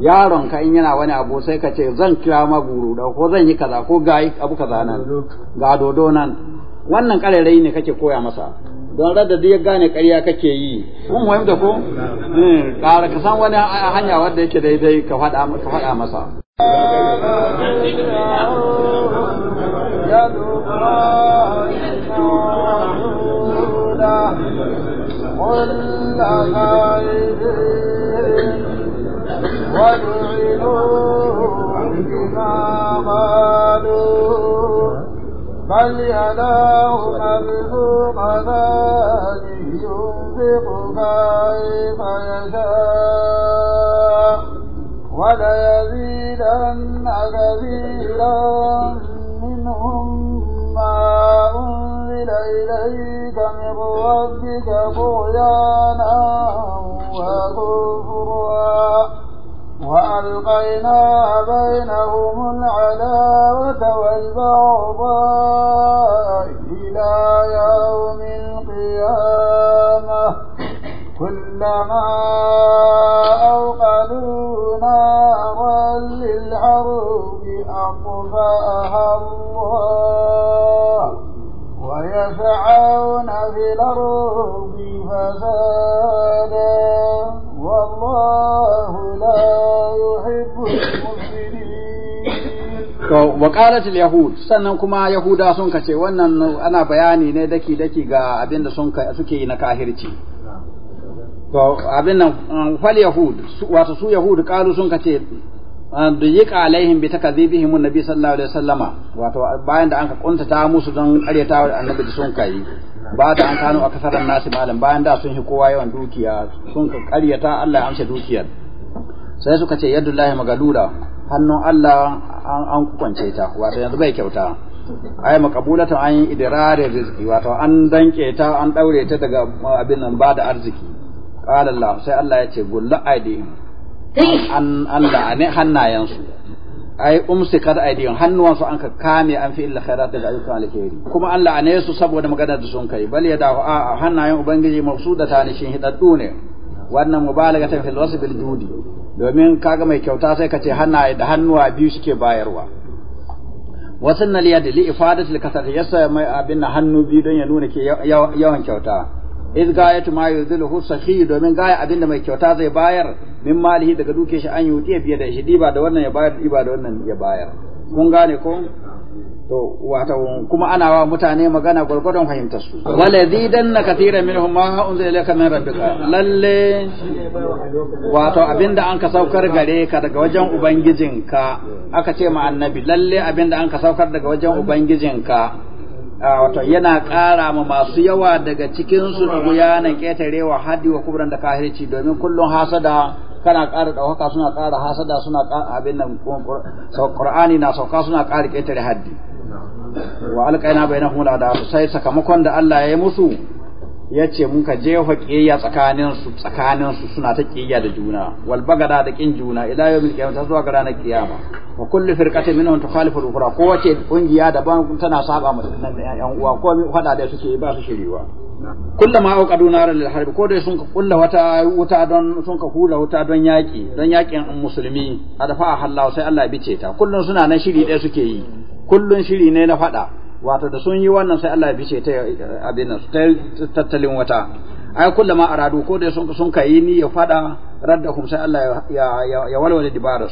Speaker 1: yaron ka in yana wani abu sai ka ce zan kira maguru da ko zan yi kaza ko ga abu kaza nan ga dodo nan wannan ƙarerai ne kake koya masa don rada da ya gane ƙarya kake yi kun fahimta ko eh, ƙara ka san wani hanya wanda yake daidai ka faɗa masa
Speaker 2: وادعوا بما بل يداه مبسوطتان ينفق كيف يشاء وليزيدن كثيرا منهم ما أنزل إليك من ربك طغيانا وكفرا وألقينا بينهم العداوة والبغضاء إلى يوم القيامة كلما أوقدوا نارا للحرب أطفأها الله ويسعون في الأرض فسادا والله لا يحب المفسدين
Speaker 1: وقالت اليهود sannan kuma yahuda sun kace wannan ana bayani ne daki daki ga abin da suke yi na kahirci to abin nan fal yahud wato su yahud kalu sun kace duyika alaihim bi takadhibihim annabi sallallahu alaihi sallama wato bayan da anka kuntata musu don karyata annabi da sun kai ba da an kano akasaran nasi malam bayan da sun yi kowa yawan dukiya sun karyata Allah ya amsa dukiyar sai suka ce yadullahi magalula hannun Allah an kwance ta wato yanzu bai kyauta ai makabulata an yi idrarar wato an danke ta an daure ta daga abin nan ba da arziki qala Allah sai Allah ya ce gulla aidihim Eh. an an la'ani hannayensu ai umsikat aidiyon hannuwansu an ka kame an fi illa khairat daga ayyukan alkhairi kuma an la'ane su saboda maganar da sun kai bal yadahu a hannayen ubangiji mafsudata ne shin hidaddu ne wannan mubalaga ta fil wasf bil judi domin kaga mai kyauta sai ka ce hannaye da hannuwa biyu suke bayarwa wasan liyadi li ifadatil kasar yasa mai abin hannu biyu don ya nuna ke yawan kyauta iz gayatu ma yudhiluhu sakhi domin gaya abinda mai kyauta zai bayar min malihi daga duke shi an yuti biye da shi diba da wannan ya bayar diba da wannan ya bayar kun gane ko to wata kuma ana wa mutane magana gurgurdan fahimtar su walazidan na kathiran minhum ma unzila ilayka min rabbika lalle wato abinda an ka saukar gare ka daga wajen ubangijinka aka ce ma annabi lalle abinda an ka saukar daga wajen ubangijinka wato yana ƙara ma masu yawa daga cikin su guyanan ƙetarewa haddi wa kubran da kahirci domin kullum hasada kana ƙara ɗaukaka suna ƙara hasada suna ƙara abin nan Qur'ani na sauka suna ƙara ƙetare haddi wa alƙaina bainahum da sai sakamakon da Allah ya yi musu ya ce mun muka jefa ƙiyayya tsakaninsu tsakaninsu suna ta ƙiyayya da juna wal bagada da ƙin juna ila yawmil qiyamah zuwa ga ranar kiyama wa kullu firqatin minhum tukhalifu al-ukhra ko wace kungiya daban tana saba mu nan yan uwa ko fada da suke ba su shirewa kullama auqadu naral lil harbi ko dai sun ka kulla wata wuta don sun ka hula wuta don yaki don yakin musulmi adafa halla sai Allah ya bice ta kullun suna nan shiri ɗaya suke yi kullun shiri ne na faɗa. wato da sun yi wannan sai Allah ya bishe ta eh, abin tattalin wata ai kullama aradu ko da sun sun kai ni ya fada raddahum sai Allah ya ya walwala dibara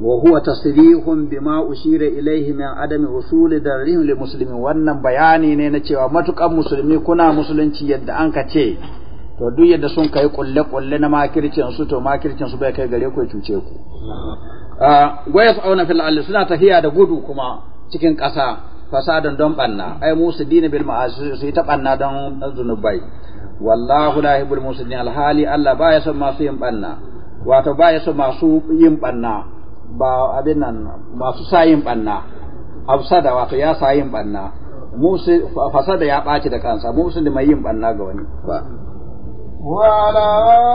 Speaker 1: wa huwa tasrihum bima ushira ilayhi min adami usul darrihim lil muslimin wannan bayani ne na cewa matukan musulmi kuna musulunci yadda an ka ce to duk yadda sun kai kulle kulle na makircin su to makircin su bai kai gare ku cuce ku gwayas ah, auna fil suna tahiya da gudu kuma cikin ƙasa fasadan don banna ai musu dina bil ma'asi su yi ta banna don zunubai wallahu la yuhibbul muslimin alhali Allah baya son masu yin banna wato baya son masu yin banna ba abin nan masu sayin banna afsada wato ya sayin banna musu fasada ya ɓaci da kansa musu mai yin banna ga wani
Speaker 2: ولو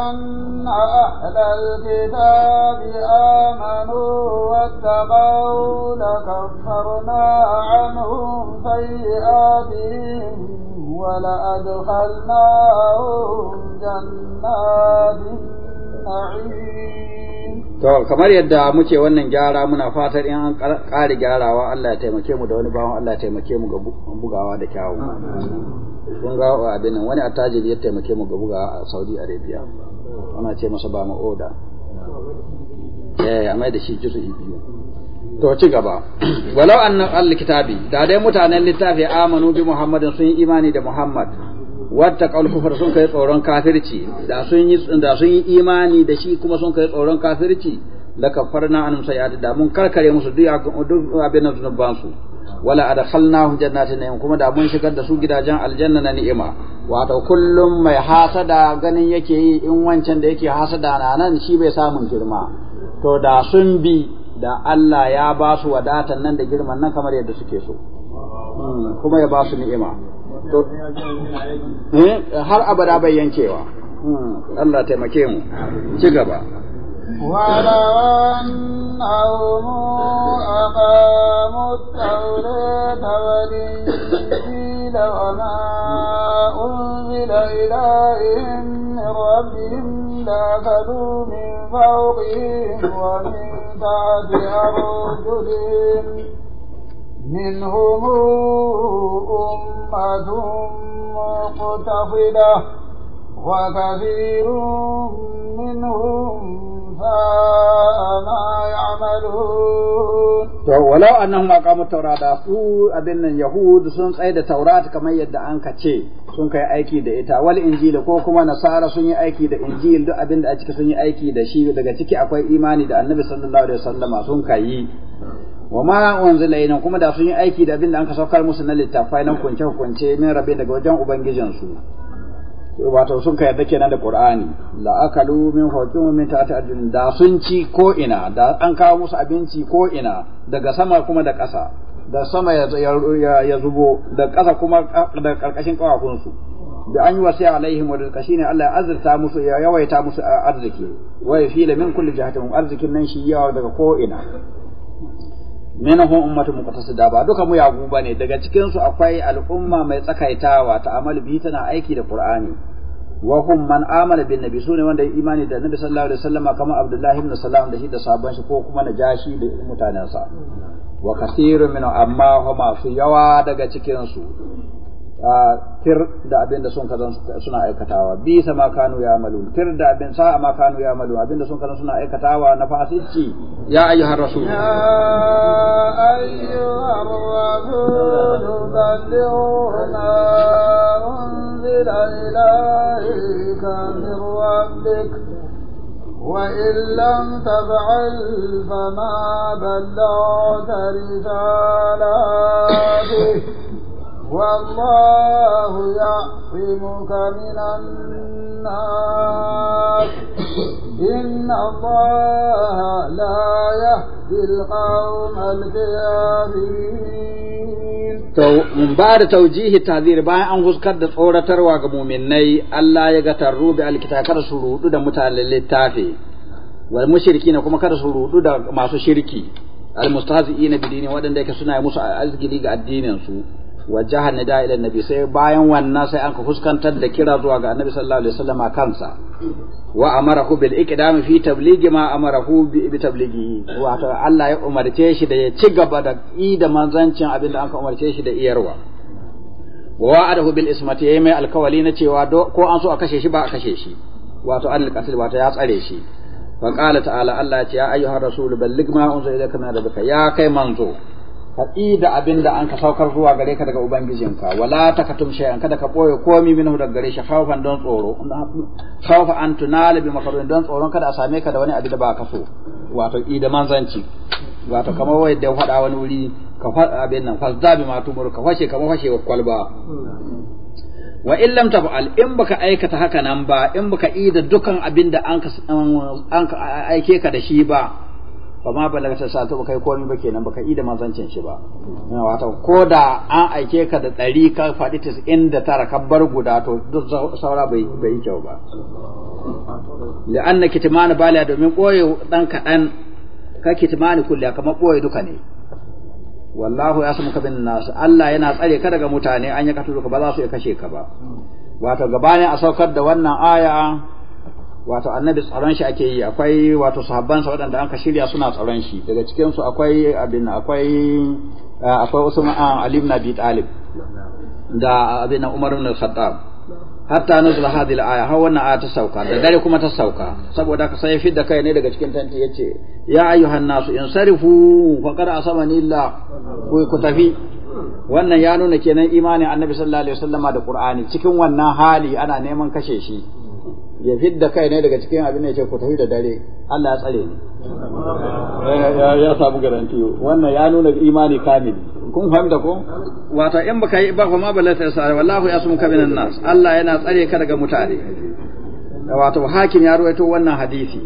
Speaker 2: أن أهل الكتاب آمنوا واتقوا لكفرنا عنهم سيئاتهم ولأدخلناهم جنات النعيم
Speaker 1: To, kamar yadda muke wannan gyara muna fatar in an ƙari gyarawa Allah ya taimake mu da wani bawan Allah ya taimake mu ga bugawa da kyawu. Kun ga abin nan wani attajiri ya taimake mu ga bugawa a Saudi Arabia. Ana ce masa ba mu oda. Eh, a mai da shi jisu biyu. To ci gaba. Walau annal al-kitabi, da dai mutanen littafi amanu bi Muhammadin sun yi imani da Muhammad. wata kalufar sun kai tsoron kafirci da sun yi da sun yi imani da shi kuma sun kai tsoron kafirci la kafarna anhum sayi'ati da mun karkare musu duk abin nan zunuban su wala adkhalnahum jannatin na'im kuma da mun shigar da su gidajen aljanna na ni'ima wato kullum mai hasada ganin yake yi in wancan da yake hasada na nan shi bai samu girma to da sun bi da Allah ya ba su wadatan nan da girman nan kamar yadda suke so hmm, kuma ya ba su ni'ima
Speaker 2: Eh, har abada
Speaker 1: bayyancewa. Allah taimake mu, ci gaba.
Speaker 2: Walawan aumu a kamu taure da wani da wana unzi da ila'in rabin da ka min fauƙi wani ta ji منهم أمة مقتصدة وكثير منهم ساء ما يعملون ولو
Speaker 1: أنهم أقاموا التوراة su abin Yahud sun tsaye da Taurat kamar yadda an ka ce sun kai aiki da ita wal Injil ko kuma Nasara sun yi aiki da Injil duk abinda da a ciki sun yi aiki da shi daga ciki akwai imani da Annabi sallallahu alaihi wasallama sun kai wa ma unzila ilayhim kuma da sun yi aiki da abin da anka saukar musu na littafai nan kunce kunce min rabbi daga wajen ubangijin su wato sun ka yarda kenan da qur'ani la akalu min fawqihim min ta'ati ajrin da sun ci ko ina da an kawo musu abinci ko ina daga sama kuma da ƙasa da sama ya zubo da ƙasa kuma da ƙarƙashin ƙafafun su da an yi wasu alaihim wa kashi Allah ya azurta musu ya yawaita musu arziki wa ya min kulli jahatin arzikin nan shi yawa daga ko ina minhum ummatun muqtasida ba duka mu yagu bane daga cikin su akwai al'umma mai tsakaitawa ta amal bi tana aiki da qur'ani wa hum man amana bin nabi sune wanda ya imani da nabi sallallahu alaihi wasallam kamar abdullahi ibn salam da shi da sahabban shi ko kuma najashi da mutanensa wa kathirun min amma huma su yawa daga cikin su tir da abin da sun zan suna aikatawa bi ma kanu ya malu tir da abin sa ma kanu ya malu abin da sun zan suna aikatawa na fasici
Speaker 2: ya ayyuhar rasul ya ayyuhar rasul ballighna unzila ilayka min rabbik وإن لم تفعل فما بلغت رسالاته والله يعصمك من الناس إن الله لا يهدي القوم الكافرين
Speaker 1: بعد توجيه التحذير bayan an huskar da tsoratarwa ga muminai Allah ya ga tarru bi alkita kada su rudu da mutanen littafi wal mushriki kuma kada su rudu da masu shirki al na bidini waɗanda yake suna musu azgili ga addinin su wajaha nida ila nabi sai bayan wannan sai an ka fuskantar da kira zuwa ga annabi sallallahu alaihi wasallam kansa wa amarahu bil iqdam fi tablighi ma amarahu bi tablighi wato Allah ya umarce shi da ya ci gaba da i da manzancin abin da an ka umarce shi da iyarwa wa wa'adahu bil ismati yayi mai alkawali na cewa ko an so a kashe shi ba a kashe shi wato al qatl wato ya tsare shi fa qala ta'ala Allah ya ce ya ayyuhar rasul balligh ma unzila ilayka min rabbika ya kai manzo Ka da abin da an ka saukar zuwa gare ka daga ubangijinka wala tumshe an kada ka boye komi minhu daga gare shi khawfan don tsoro khawfa an tunala bi makarun don tsoron kada a same ka da wani abin da ba ka so wato i da manzanci wato kamar wai da faɗa wani wuri ka faɗa abin nan fasda bi ma ka fashe kamar fashe wa kwalba wa in lam taf'al in baka aikata haka nan ba in baka ida dukan abin da an ka aike ka da shi ba ba ma balagta sa to kai komai ba kenan baka ida zancen shi ba Ina wata ko da an aike ka da ɗari ka faɗi ta da tara ka bar guda to duk saura bai bai kyau ba li'anna kitmanu baliya domin koyo dan kaɗan ka kitmanu kulliya kamar koyo duka ne wallahu ya samu bin nas Allah yana tsare ka daga mutane an ya katulu ka ba za su kashe ka ba wato gabanin a saukar da wannan aya wato annabi tsaron shi ake yi akwai wato sahabban sa waɗanda anka shirya suna tsaron shi daga cikin su akwai abin akwai eh, akwai Usman ah, Ali ibn Abi Talib da abin Umar ibn Khattab hatta nuzul hadhihi al-aya ha wannan aya ta sauka da dare kuma ta sauka saboda ka sai fidda kai ne daga cikin tanti yace ya ayyuhan nasu insarifu faqad asamani Allah
Speaker 3: ku tafi wannan
Speaker 1: ya nuna kenan imanin annabi sallallahu alaihi wasallama da qur'ani cikin wannan hali ana neman kashe shi ya fidda kai ne daga cikin abin da ce ku tafi da dare Allah ya tsare ni ya samu garanti wannan ya nuna imani kamil kun fahimta ko wata in baka yi ba kuma balla ta wallahi ya sumu minan nas Allah yana tsare ka daga mutane wato hakim ya ruwaito wannan hadisi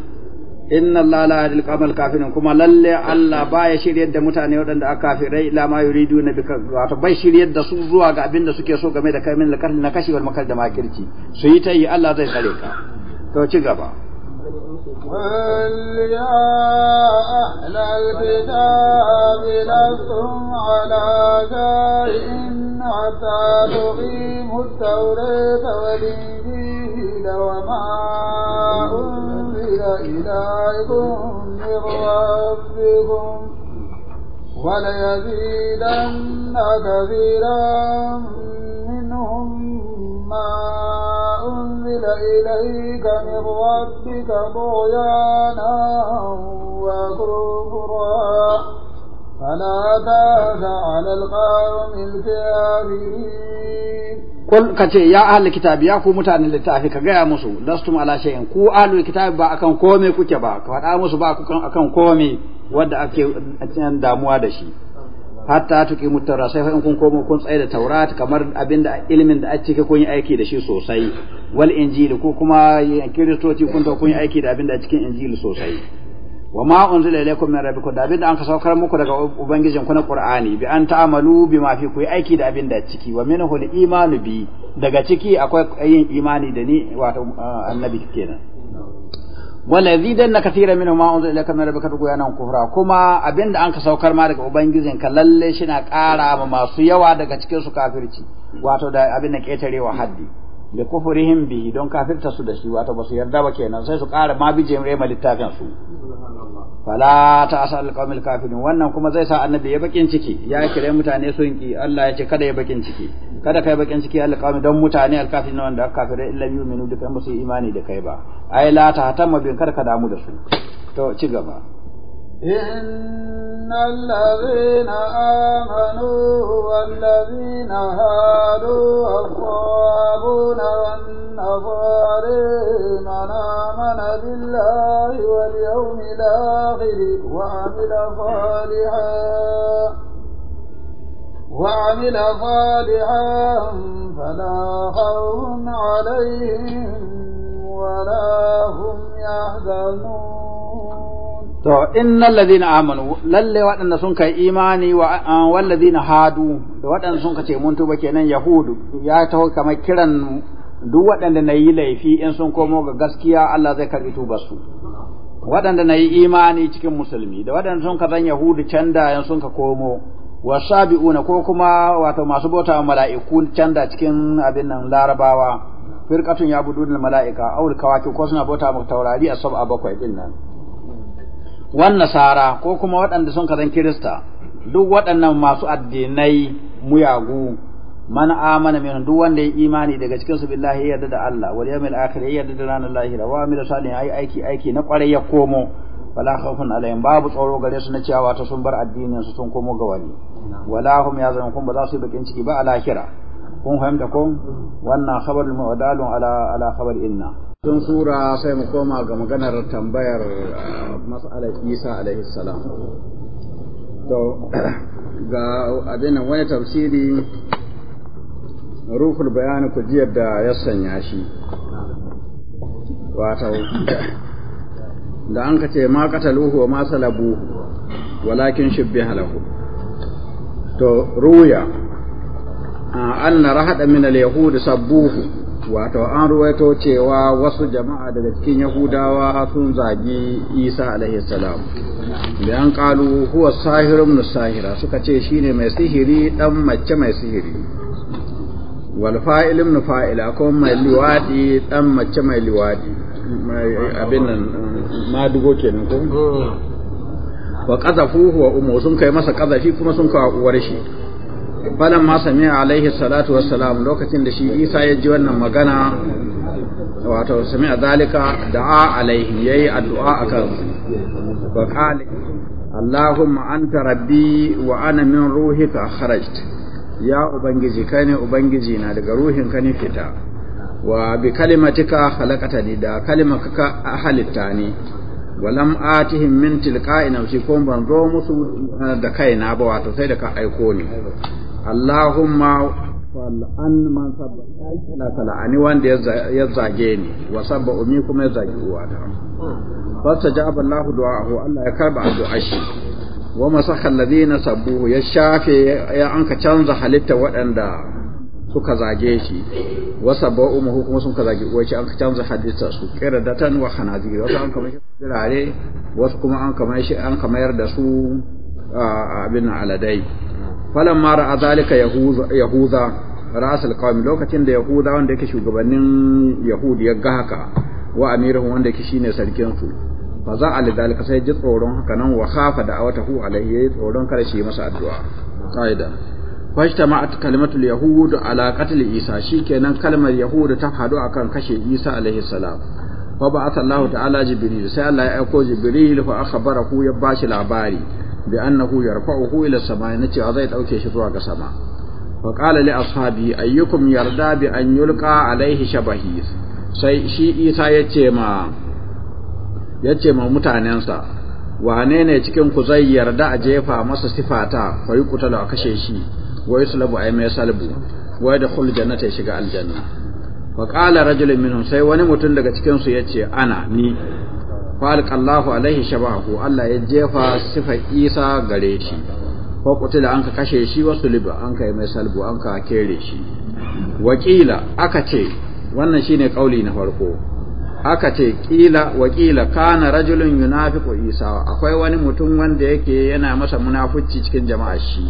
Speaker 1: inna allaha la yahdil qawmal kafirin kuma lalle Allah baya shiryar da mutane waɗanda aka kafirai ila ma yuriduna bika wato bai shiryar da su zuwa ga abin da suke so game da kai min lakar na kashi wal makar da makirci su yi ta yi Allah zai kare ka to ci gaba
Speaker 2: قل يا أهل الكتاب لستم على شيء حتى تقيموا التوراة والإنجيل وما أنزل إلهكم من ربكم وليزيدن كثيرا منهم ما أنزل إليك من ربك طغيانا وكفرا فلا تأس على القوم الكافرين
Speaker 1: kul ka ce ya ahli kitabi ya ku mutanen littafi ka gaya musu lastum ala shay'in ku ahli kitabi ba akan kome kuke ba ka faɗa musu ba ku akan kome wanda ake damuwa da shi hatta tuqimu tarra sai in kun komo da taurat kamar abinda ilimin da ake kun aiki da shi sosai wal injili ko kuma kiristoci kun yi aiki da abinda cikin injili sosai wa ma unzila ilaykum min rabbikum da abinda an ka saukar muku daga ubangijin ku na qur'ani bi an ta'malu bima fi ku aiki da abinda ciki wa minhu al-imanu bi daga ciki akwai yin imani da ni wato annabi kenan zidan na kasira min ma unzila ilaykum min ya nan kufra kuma abinda an ka saukar ma daga ubangijin ka lalle shi na ƙara ma masu yawa daga cikin su kafirci wato da abinda ketarewa haddi da kufurihim bihi don kafirta su da shi wato ba su yarda ba kenan sai su ƙara ma bije rema littafin su fala ta asal alqawmil kafirin wannan kuma zai sa annabi ya bakin ciki ya kire mutane su yinki Allah ya ce kada ya bakin ciki kada kai bakin ciki alqawmi don mutane alkafirin wanda kafirai illa yu'minu da ba su imani da kai ba ai la ta hatamma bin ka damu da su to ci gaba
Speaker 2: إن الذين آمنوا والذين هادوا عمل صالحا فلا خوف عليهم ولا هم يحزنون
Speaker 1: To, innal ladina amanu, lalle waɗanda sun kai imani wa ladina hadu, da waɗanda sun kace mun tuba kenan Yahudu, ya taho kamar kiran duk waɗanda na yi laifi in sun komo ga gaskiya Allah zai tuba su Waɗanda na yi imani cikin musulmi, da waɗanda sun ka zan Yahudu can da sun ka komo, wasabi'una ko kuma wato masu bauta mala'iku can da cikin abin nan larabawa firqatun yabudun mala'ika awul kawaki ko suna bauta mu taurari a sab'a bakwai din nan wan nasara ko kuma waɗanda sun kazan kirista duk waɗannan masu addinai muyagu man amana min duk wanda ya imani daga cikin su billahi yarda da Allah wal yawmil akhir yarda da ranar lahira wa amila salihan ai aiki aiki na kwarai ya komo fala khawfun alaihim babu tsoro gare su na cewa ta sun bar addinin su sun komo ga wani wala hum yazun kun ba za su yi bakin ciki ba ala kira kun fahimta ko wannan khabar mu'adalun ala ala khabar inna Sun sura sai mu koma ga maganar tambayar ah, mas'alar Isa alaihi salam. To ga abin wani tafsiri ruhul ku jiyar da ya sanya shi. Wato da an ka ce ma qataluhu wa ma salabuhu walakin shubbiha lahu
Speaker 3: to ruya
Speaker 1: an na rahada min al-yahud sabbuhu wato an ruwaito cewa wasu jama'a daga cikin yahudawa sun zagi isa alaihi salam an kalu huwa sahirun min sahira suka ce shine mai sihiri dan mace mai sihiri wal fa'il min fa'ila kuma mai liwadi dan mace mai liwadi abin nan madugo kenan
Speaker 3: ko
Speaker 1: wa qazafuhu wa ummu sun kai masa qazafi kuma sun kawo uwar shi falan ma sami alaihi salatu wassalam lokacin da shi isa ya ji wannan magana wato sami a zalika da'a alaihi yayi addu'a akan wa qala allahumma anta rabbi wa ana min ruhika kharajt ya ubangiji kai ne ubangiji na daga ruhin ka ne fita wa bi kalimatika ni da kalimaka ka halitta ni walam atihim min tilqa'i shi ko ban zo musu da kaina ba wato sai da ka aiko ni Allahumma an man sabba la ani wanda ya zage ni wa sabba umi kuma ya zage uwata fasta ja'aba Allahu du'ahu Allah ya karba addu'a shi wa masakha alladhina sabbuhu ya shafe ya anka canza halitta waɗanda suka zage shi wasa ba umu hukuma sun ka zage wace an canza hadisa su kira datan wa hanazir wasu an kamar shi birare wasu kuma an kamar shi an kamar da su abin aladai falan ma ra'a zalika yahuza rasul qawmi lokacin da yahuda wanda yake shugabannin yahudi ya ga haka wa amiruhu wanda yake shine sarkin su fa za al dalika sai ji tsoron haka nan wa khafa da awatahu alaihi tsoron kada shi masa addu'a qaida fajtama'at kalimatul yahud ala qatl isa shikenan kalmar yahud ta hadu akan kashe isa alaihi salam fa ba'atha Allah ta'ala jibril sai Allah ya aiko jibril fa akhbarahu ya bashi labari bi annahu yarfa'uhu ila samai nace zai dauke shi zuwa ga sama fa qala li ashabi ayyukum yarda bi an yulqa alaihi shabahi sai shi isa yace ma yace ma mutanensa wane ne cikin ku zai yarda a jefa masa sifata fa yi kutalo a kashe shi wai salabu ai mai salbu da na jannata shiga aljanna wa qala rajulun minhum sai wani mutum daga cikin su yace ana ni falqallahu alaihi shabahu Allah ya jefa sifar Isa gare shi ko kutila an ka kashe shi wasu liba an ka mai salbu an ka kere shi wakila aka ce wannan shine kauli na farko aka ce kila wakila kana rajulun yunafiqu isa akwai wani mutum wanda yake yana masa munafici cikin jama'a shi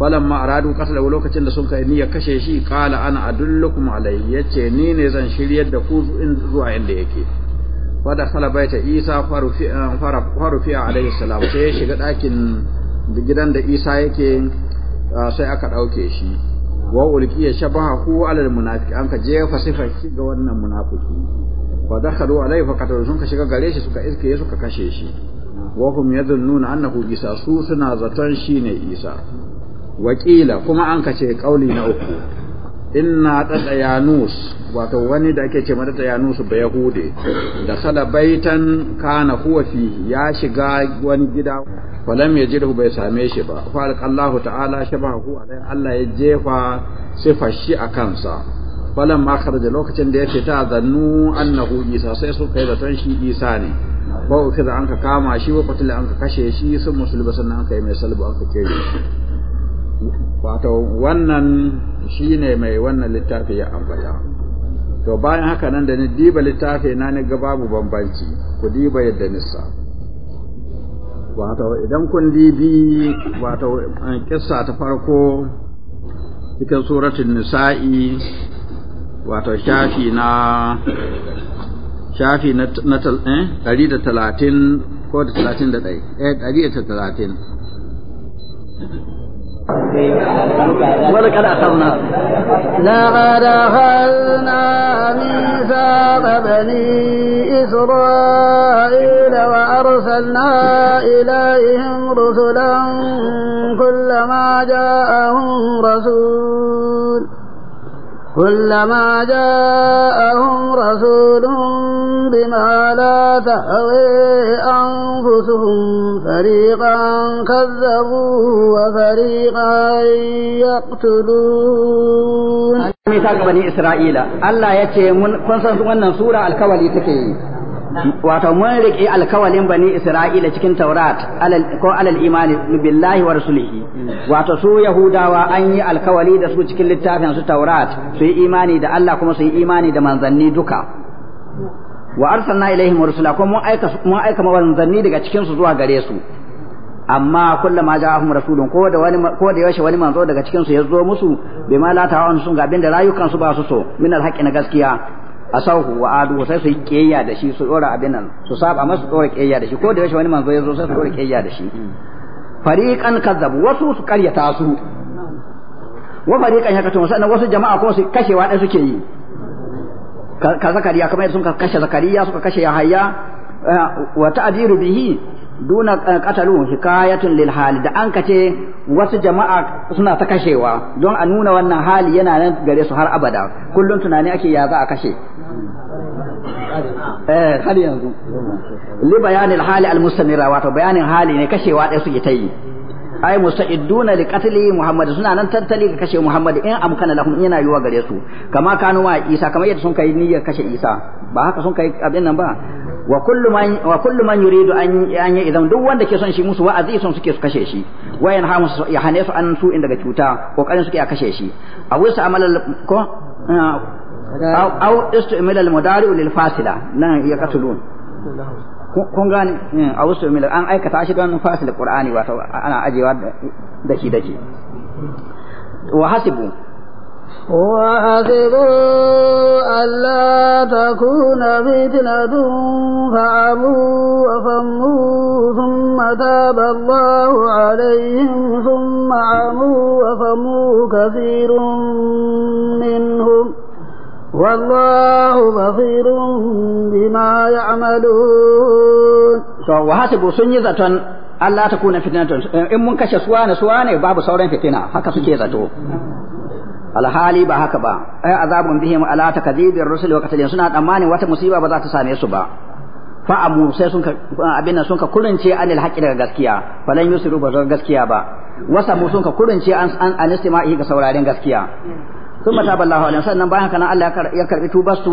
Speaker 1: ma'aradu aradu da lokacin da sun kai niyya kashe shi qala ana adullukum alayhi yace ni ne zan shiryar da ku zuwa inda yake fa dakhala baita isa farufi farufi alayhi salam sai ya shiga dakin gidan da isa yake sai aka dauke shi wa shabaha ku ala almunafiq an ka jefa sifar shi ga wannan munafiki fa dakhalu alayhi fa qatalu sun ka shiga gare shi suka iske suka kashe shi wa hum yadhunnuna annahu isa su suna zaton shine isa wakila kuma an kace kauli na uku inna tada yanus wato wani da ake ce mata tsatsa yanus ba yahude da sala baitan kana huwa fi ya shiga wani gida falam yajidu bai same shi ba fa alqallahu ta'ala shabahu alai Allah ya jefa sifar shi a kansa falam ma kharaja lokacin da ya ta zannu annahu isa sai su kai zaton shi isa ne ba kaza an ka kama shi wa qatila an ka kashe shi sun musulba sannan an kai mai salbu an ka kire shi wato wannan shine mai wannan littafi ya ambata to bayan haka nan da ni diba littafi na ni ga babu bambanci ku diba yadda nisa. wato idan kun dibi wato eh, kissa ta farko cikin suratul nisa'i wato shafi na shafi na eh, ɗari da talatin ko da talatin da eh, ɗari da talatin
Speaker 3: ولقد أخذنا
Speaker 2: لقد أخذنا ميثاق بني إسرائيل وأرسلنا إليهم رسلا كلما جاءهم رسول كلما جاءهم رسول بما لا تهوي أنفسهم فريقا كذبوا وفريقا يقتلون ميثاق بني
Speaker 4: إسرائيل الله يتي من كنسان wannan sura alkawali take yi wato mun riƙe alkawalin bani Isra'ila cikin Taurat ko alal imani billahi wa rasulihi wato su yahudawa an yi alkawali da su cikin littafin su taurat su yi imani da Allah kuma su yi imani da manzanni duka wa arsalna ilaihim rusula kuma mun aika mun aika manzanni daga cikin su zuwa gare su amma kullama ja'ahum rasulun ko da wani ko da yashi wani manzo daga cikin su ya zo musu bai ma latawa sun ga abin da rayukan su ba su so min alhaqi na gaskiya asauhu wa adu sai su yi kiyayya da shi su dora abin nan su saba masu dora kiyayya da shi ko da yashi wani manzo ya zo sai su dora kiyayya da shi fariqan kazzabu wasu su karyata su wa fariqan yakatu sannan wasu jama'a ko su kashewa dai suke yi ka zakariya kamar sun kashe zakariya suka kashe yahaya eh, wa ta'diru bihi duna eh, qatalu hikayatun lil hali da an kace wasu jama'a suna ta kashewa don a nuna wannan hali yana nan gare su har abada kullun tunani ake ya za a kashe eh har yanzu li bayanil hali al mustamira wato bayanin hali ne kashewa ɗaya suke ta yi ai musta'iduna li qatli muhammad suna nan tantali ga kashe muhammad in amkana lahum yana yiwa gare su kama kanu ma isa kama yadda sun kai niyyar kashe isa ba haka sun kai abin nan ba wa kullu man wa kullu man yuridu an an ya idan duk wanda ke son shi musu wa'azi son suke su kashe shi wa yanha musu ya hane su an su inda daga cuta kokarin suke a kashe shi a wusa amalal ko au istimal al mudari lil fasila nan ya katulun kun gane a wasu mil an aikata shi don fasil qur'ani wato ana ajewa da shi da shi wa hasibu
Speaker 2: وحسبوا ألا تكون فتنة فعموا وفموا ثم تاب الله عليهم ثم عموا وفموا كثير منهم والله بصير بما يعملون
Speaker 1: to wa hasibu sun yi zaton Allah ta
Speaker 4: kuna fitnatun eh, in mun kashe suwa na suwa ne babu sauran fitina haka suke zato alhali ba haka ba ai azabun bihim ala takdhibir rusul wa qatlin suna tsammani wata musiba ba za ta same su ba fa amu sai sun abin nan sun ka kurince anil haqqi daga gaskiya falan yusiru ba gaskiya ba wasa mu sun ka kurince an an istima'i ga sauraren gaskiya sun mata ballahu alaihi sannan bayan kana Allah ya karbi tubar su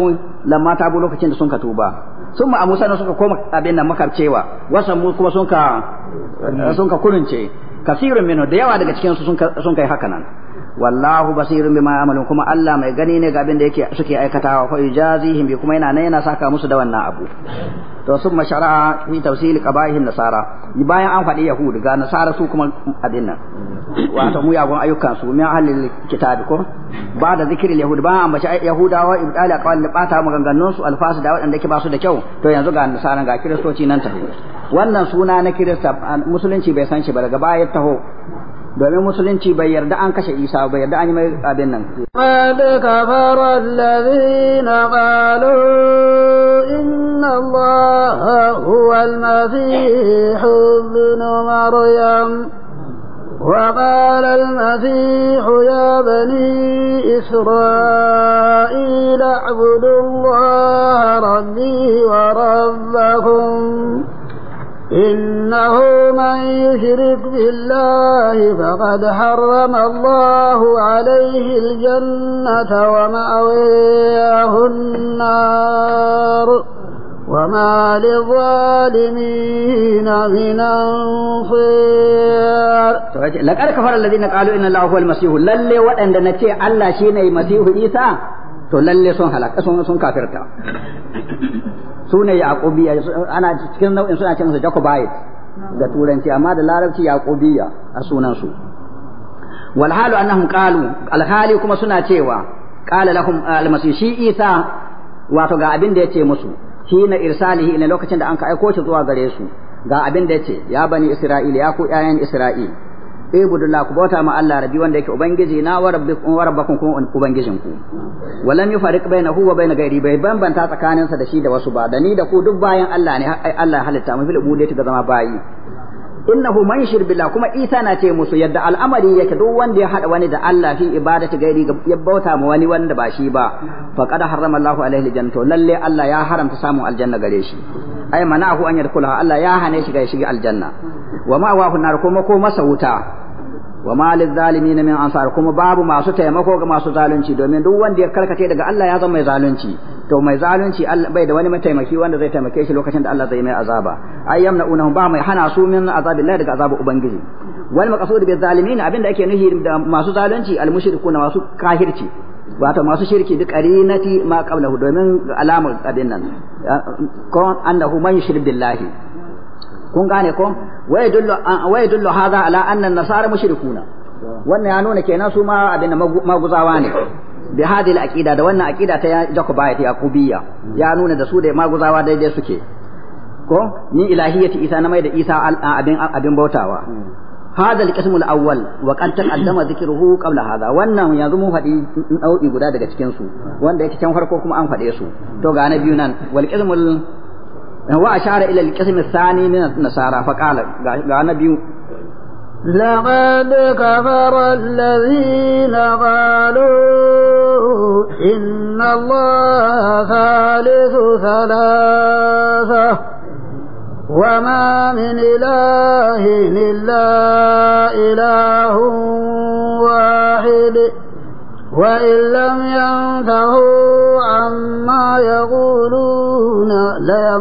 Speaker 4: lamma ta bu lokacin da sun ka tuba sun ma Musa suka koma abin nan makarcewa wasan mu kuma sun ka sun ka kurunce kasirun da yawa daga cikin su sun kai haka nan wallahu basirin bima ya'malun kuma Allah mai gani ne ga abin da yake suke aikatawa fa yujazihim bi kuma yana nan yana saka musu da wannan abu to sun mashara fi tafsil qaba'ihin nasara bayan an faɗi yahudu ga nasara su kuma abin nan wato mu yagon ayyukan su mai ahlil kitab ko ba da zikirin yahud ba an bace yahudawa ibdali aqwal da bata maganganun su alfasu da wadanda ke ba su da kyau to yanzu ga nasara ga kiristoci nan ta wannan suna na kirista musulunci bai san shi ba daga baya taho domin musulunci bai yarda an kashe Isa bai yarda an yi mai abin
Speaker 3: nan
Speaker 2: qad kafara alladhina qalu inna allaha huwa al-masih ibn maryam وقال المسيح يا بني إسرائيل اعبدوا الله ربي وربكم إنه من يشرك بالله فقد حرم الله عليه الجنة ومأويه النار وما للظالمين من أنصير لقد كفر الذين
Speaker 4: قالوا إن الله هو المسيح للي وأن نتي الله شيني مسيح إيسا to lalle sun halaka sun sun kafirta su ne yaqubiya ana cikin nau'in suna ce musu jacobite da turanci amma da larabci yaqubiya a sunan su wal halu annahum qalu al kuma suna cewa qala lahum ah, al shi isa wato ga abin da yace musu hina irsalihi ina lokacin da an ka aiko shi zuwa gare su ga abin da yace ya bani isra'ila ya ku ƴaƴan isra'ila ibudullah ku bauta ma Allah rabbi wanda yake ubangiji na wa rabbikum wa rabbakum kuma ubangijin ku walam yufariq bainahu wa bain ghairi bai bambanta tsakaninsa da shi da wasu ba da ni da ku duk bayan Allah ne Allah halitta mu fil ubudiyyah ga zama bayi innahu man yushrik billah kuma Isa na ce musu yadda al'amari yake duk wanda ya hada wani da Allah fi ibadati gairi ya bauta ma wani wanda ba shi ba qad harrama Allahu alaihi aljannata lalle Allah ya haramta samun aljanna gare shi ai manahu an yadkhulaha Allah ya hane shi ga shiga aljanna wa ma'awahu nar kuma ko masa wuta wa ma lizzalimin min ansar kuma babu masu taimako ga masu zalunci domin duk wanda ya karkace daga Allah ya zama mai zalunci to mai zalunci bai da wani mataimaki wanda zai taimake shi lokacin da Allah zai mai azaba ai yamna'unahum ba mai hana su min azabillahi daga azabu ubangiji wal maqsud bi zalimin abinda ake nuhi da masu zalunci al mushrikuna masu kafirci wato masu shirki duk qarinati ma qablahu domin alamar abin nan ko annahu man yushrik billahi kun gane ko wai dullu wai dullu hadha ala anna an-nasara mushrikuna wannan ya nuna kenan su ma abin maguzawa ne bi hadhihi al-aqida da wannan aqida ta Jacobite Yakubiyya ya nuna da su da maguzawa daidai suke ko ni ilahiyyati Isa na mai da Isa abin abin bautawa هذا القسم الأول وقد تقدم ذكره قبل هذا wannan yanzu mun faɗi nau'i guda daga cikin su wanda yake can farko kuma an faɗe su to ga biyu nan wal qismul هو أشار إلى القسم الثاني من النصارى فقال قال نبي
Speaker 2: لقد كفر الذين قالوا إن الله ثالث ثلاثة وما من إله إلا إله واحد وإن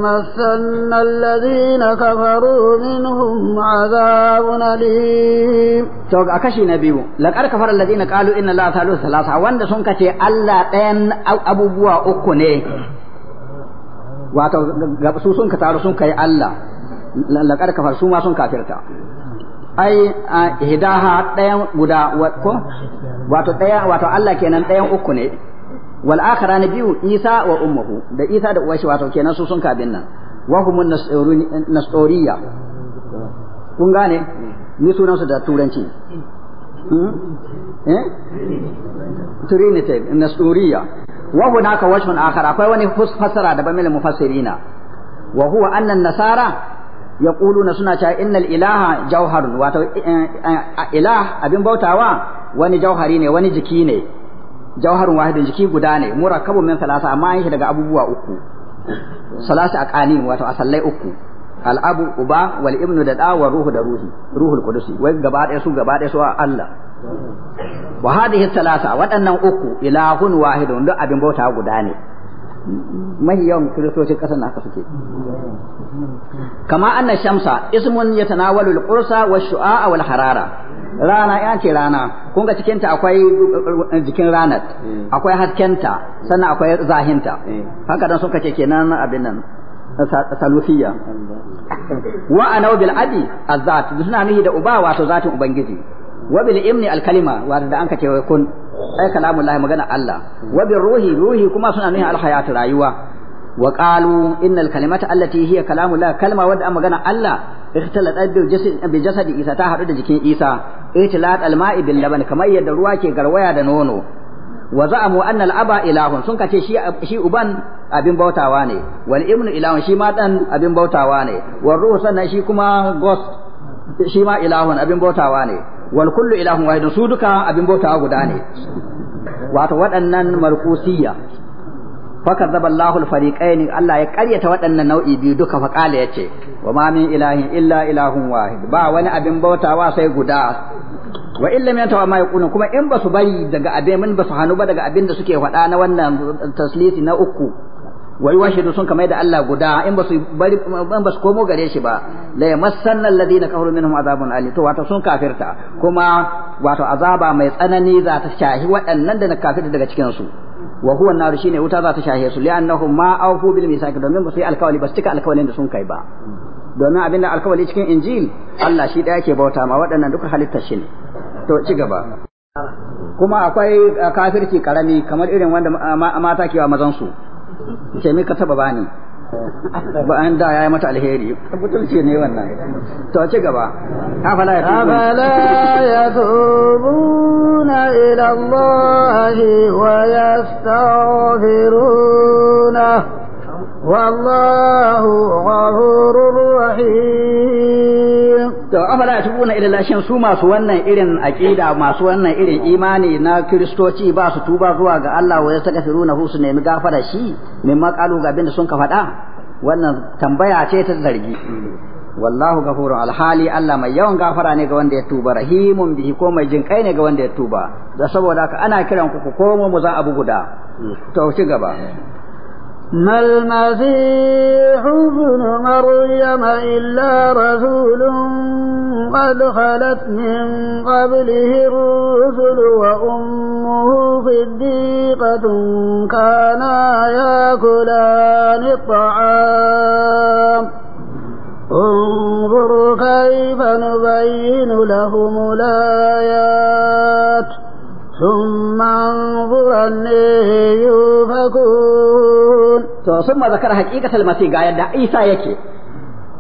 Speaker 2: يمثلن الذين كفروا منهم عذاب أليم
Speaker 4: to a kashi na biyu laqad kafara alladhina qalu inna allaha thalu wanda sun kace Allah ɗayan abubuwa uku ne wato su sun ka taru sun kai Allah laqad kafar su sun kafirta ai hidaha ɗayan guda ko wato wato Allah kenan ɗayan uku ne wal na biyu isa wa ummuhu da isa da uwashi wato kenan su sun kabin nan wa humun nasoriya kun ni sunan da turanci hmm? eh trinity nasoriya wa hunaka wajhun akhar akwai wani fassara da bamil mufassirina wa huwa anna an-nasara yaquluna suna cewa innal ilaha eh, eh, eh, abin bautawa wani jiki ne jawharun wahidin jiki guda ne murakkabu min salasa amma yake shi daga abubuwa uku salasa aqani wato asallai uku al'abu uba wal ibnu da da wa ruhu da ruhi ruhul qudusi wai gaba ɗaya su gaba ɗaya su Allah wa hadhihi salasa waɗannan uku ilahun wahidun duk abin bauta guda ne mahi yawan kiristocin ƙasar na suke kama anna shamsa ismun yatanawalu al-qursa wa shu'a wal harara rana ya ce rana Kunga ga cikin akwai eh, jikin ranar hmm. akwai haskenta sannan akwai zahinta hmm. haka dan suka ce kenan abin nan salufiya hmm. wa ana bil abi azat suna nuhi da uba wato zatin ubangiji wa bil imni al kalima wato da an ka ce kun ai kalamullahi magana Allah wa bil ruhi ruhi kuma suna nuhi al hayatu rayuwa wa qalu innal kalimata allati hiya kalamu la kalma wadda magana Allah ikhtalat bi jasadi Isa ta haɗu da jikin Isa ihtilat alma'i bil laban kamar yadda ruwa ke garwaya da nono wa za'amu anna aba ilahun sun kace shi shi uban abin bautawa ne wal ibnu ilahun shi ma dan abin bautawa ne wal ruhu sannan shi ma ilahun abin bautawa ne su duka abin bautawa guda ne waɗannan markusiyya faka zaba Allahul fariqain Allah ya karyata waɗannan nau'i biyu duka fa ya ce wa ma min ilahin illa ilahun wahid ba wani abin bautawa sai guda wa illa min tawa ma yaqulun kuma in basu bari daga abin min basu hanu ba daga abin da suke faɗa na wannan taslisi na uku wai washidu sun kamar da Allah guda in basu bari in basu komo gare shi ba la yamassanna alladhina kafaru minhum azabun alim to wato sun kafirta kuma wato azaba mai tsanani za ta shahi waɗannan da na kafirta daga cikin su wa huwa an-nar shine wuta za ta shahe su li'annahum ma awfu bil misaki domin ba su yi alkawali ba su cika alkawalin da sun kai ba domin abin da alkawali cikin injil Allah shi daya ke bauta ma waɗannan duka halitta shi ne to ci gaba kuma akwai uh, kafirci karami kamar irin wanda mata ke wa mazan su ce ka taba bani bayan da mata alheri butulci ne wannan to ci gaba
Speaker 2: afala ya afala yatubuna ila wa yastaghfiruna والله غفور رحيم to afala
Speaker 4: tubuna ila lashin su masu wannan irin aqida masu wannan irin imani na kristoci ba su tuba zuwa ga Allah wa yastaghfiruna hu su nemi gafara shi min maqalu ga abinda sun ka faɗa wannan tambaya ce ta zargi wallahu ghafurun alhali Allah mai yawan gafara ne ga wanda ya tuba rahimun bihi ko mai jin kai ne ga wanda ya tuba da saboda haka ana kiran ku ku komo mu za abu guda to ci gaba
Speaker 2: ما المسيح ابن مريم إلا رسول قد خلت من قبله الرسل وأمه صديقة كانا ياكلان الطعام انظر كيف نبين لهم الآيات ثم انظر أني يوفكون to sun ma zakar haqiqatal
Speaker 4: masih ga yadda Isa yake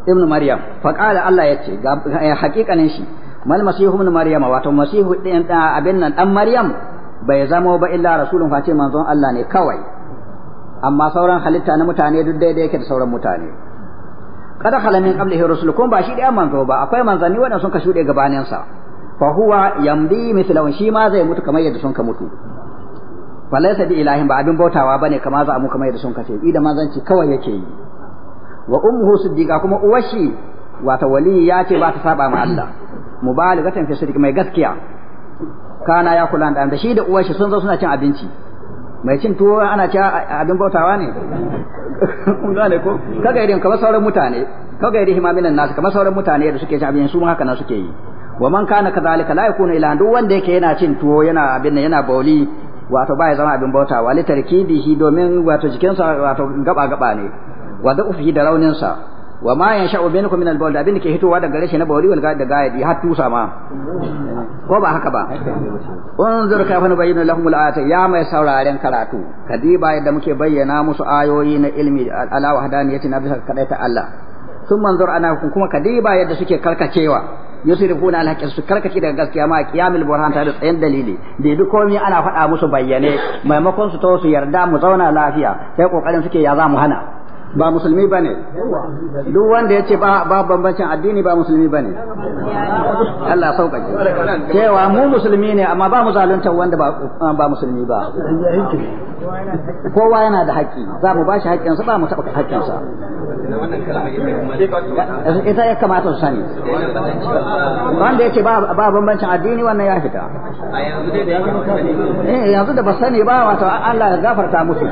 Speaker 4: ibn Maryam fa qala ya ce. ga eh, haƙiƙanin shi mal masihu ibn Maryam wato masihu din abin nan dan Maryam bai zama ba illa rasulun face manzon Allah ne kawai amma sauran halitta na mutane duk daidai yake da sauran mutane kada halamin min qablihi rasul kun ba shi dai manzo ba akwai manzanni wanda sun ka shude gabanin sa fa huwa yamdi mithlahu shi ma zai mutu kamar yadda sun ka mutu falaisa bi ilahin ba abin bautawa bane kamar za mu kamar da sun kace idan zanci kawai yake yi wa ummu siddiqa kuma uwashi wata wali ya ce ba ta saba ma Allah mubalighatan fi sirri mai gaskiya kana ya kula da shi da uwashi sun zo suna cin abinci mai cin tuwo ana cewa abin bautawa ne kun gane ko kaga irin kamar sauran mutane kaga irin himaminan nasu kamar sauran mutane da suke cin abin su haka nan suke yi wa man kana kadhalika la yakunu ilahan duk wanda yake yana cin tuwo yana abin nan yana bauli wato ba ya zama abin bauta wa shi domin wato jikinsa wato gaba gaba ne wa da ufi da raunin sa wa ma sha'u bainakum min al-bawl abin da ke hitowa daga rashin na bawli wal ga da gayadi har tusa ma ko ba haka ba unzur kayfa nubayyinu lahum al ayat ya mai sauraren karatu kadiba yadda muke bayyana musu ayoyi na ilmi ala wahdaniyati na bisa ta Allah sun manzur ana kuma kadiba yadda suke karkacewa yusrifuna na haqqi su karkace daga gaskiya ma qiyamul burhan ta da tsayin dalili da duk komai ana faɗa musu bayyane maimakon su to su yarda mu zauna lafiya sai kokarin suke ya za mu hana ba musulmi bane
Speaker 3: duk wanda yace ba
Speaker 4: ba bambancin addini ba musulmi bane
Speaker 3: Allah sauƙaƙe cewa mu
Speaker 4: musulmi ne amma ba mu zalunta wanda ba musulmi ba kowa yana da haƙƙi za mu ba shi haƙƙinsa ba mu taɓa haƙƙinsa ita ya kamata su sani wanda yace ba ba bambancin addini wannan ya fita eh, yanzu da ba sani ba wato Allah ya gafarta musu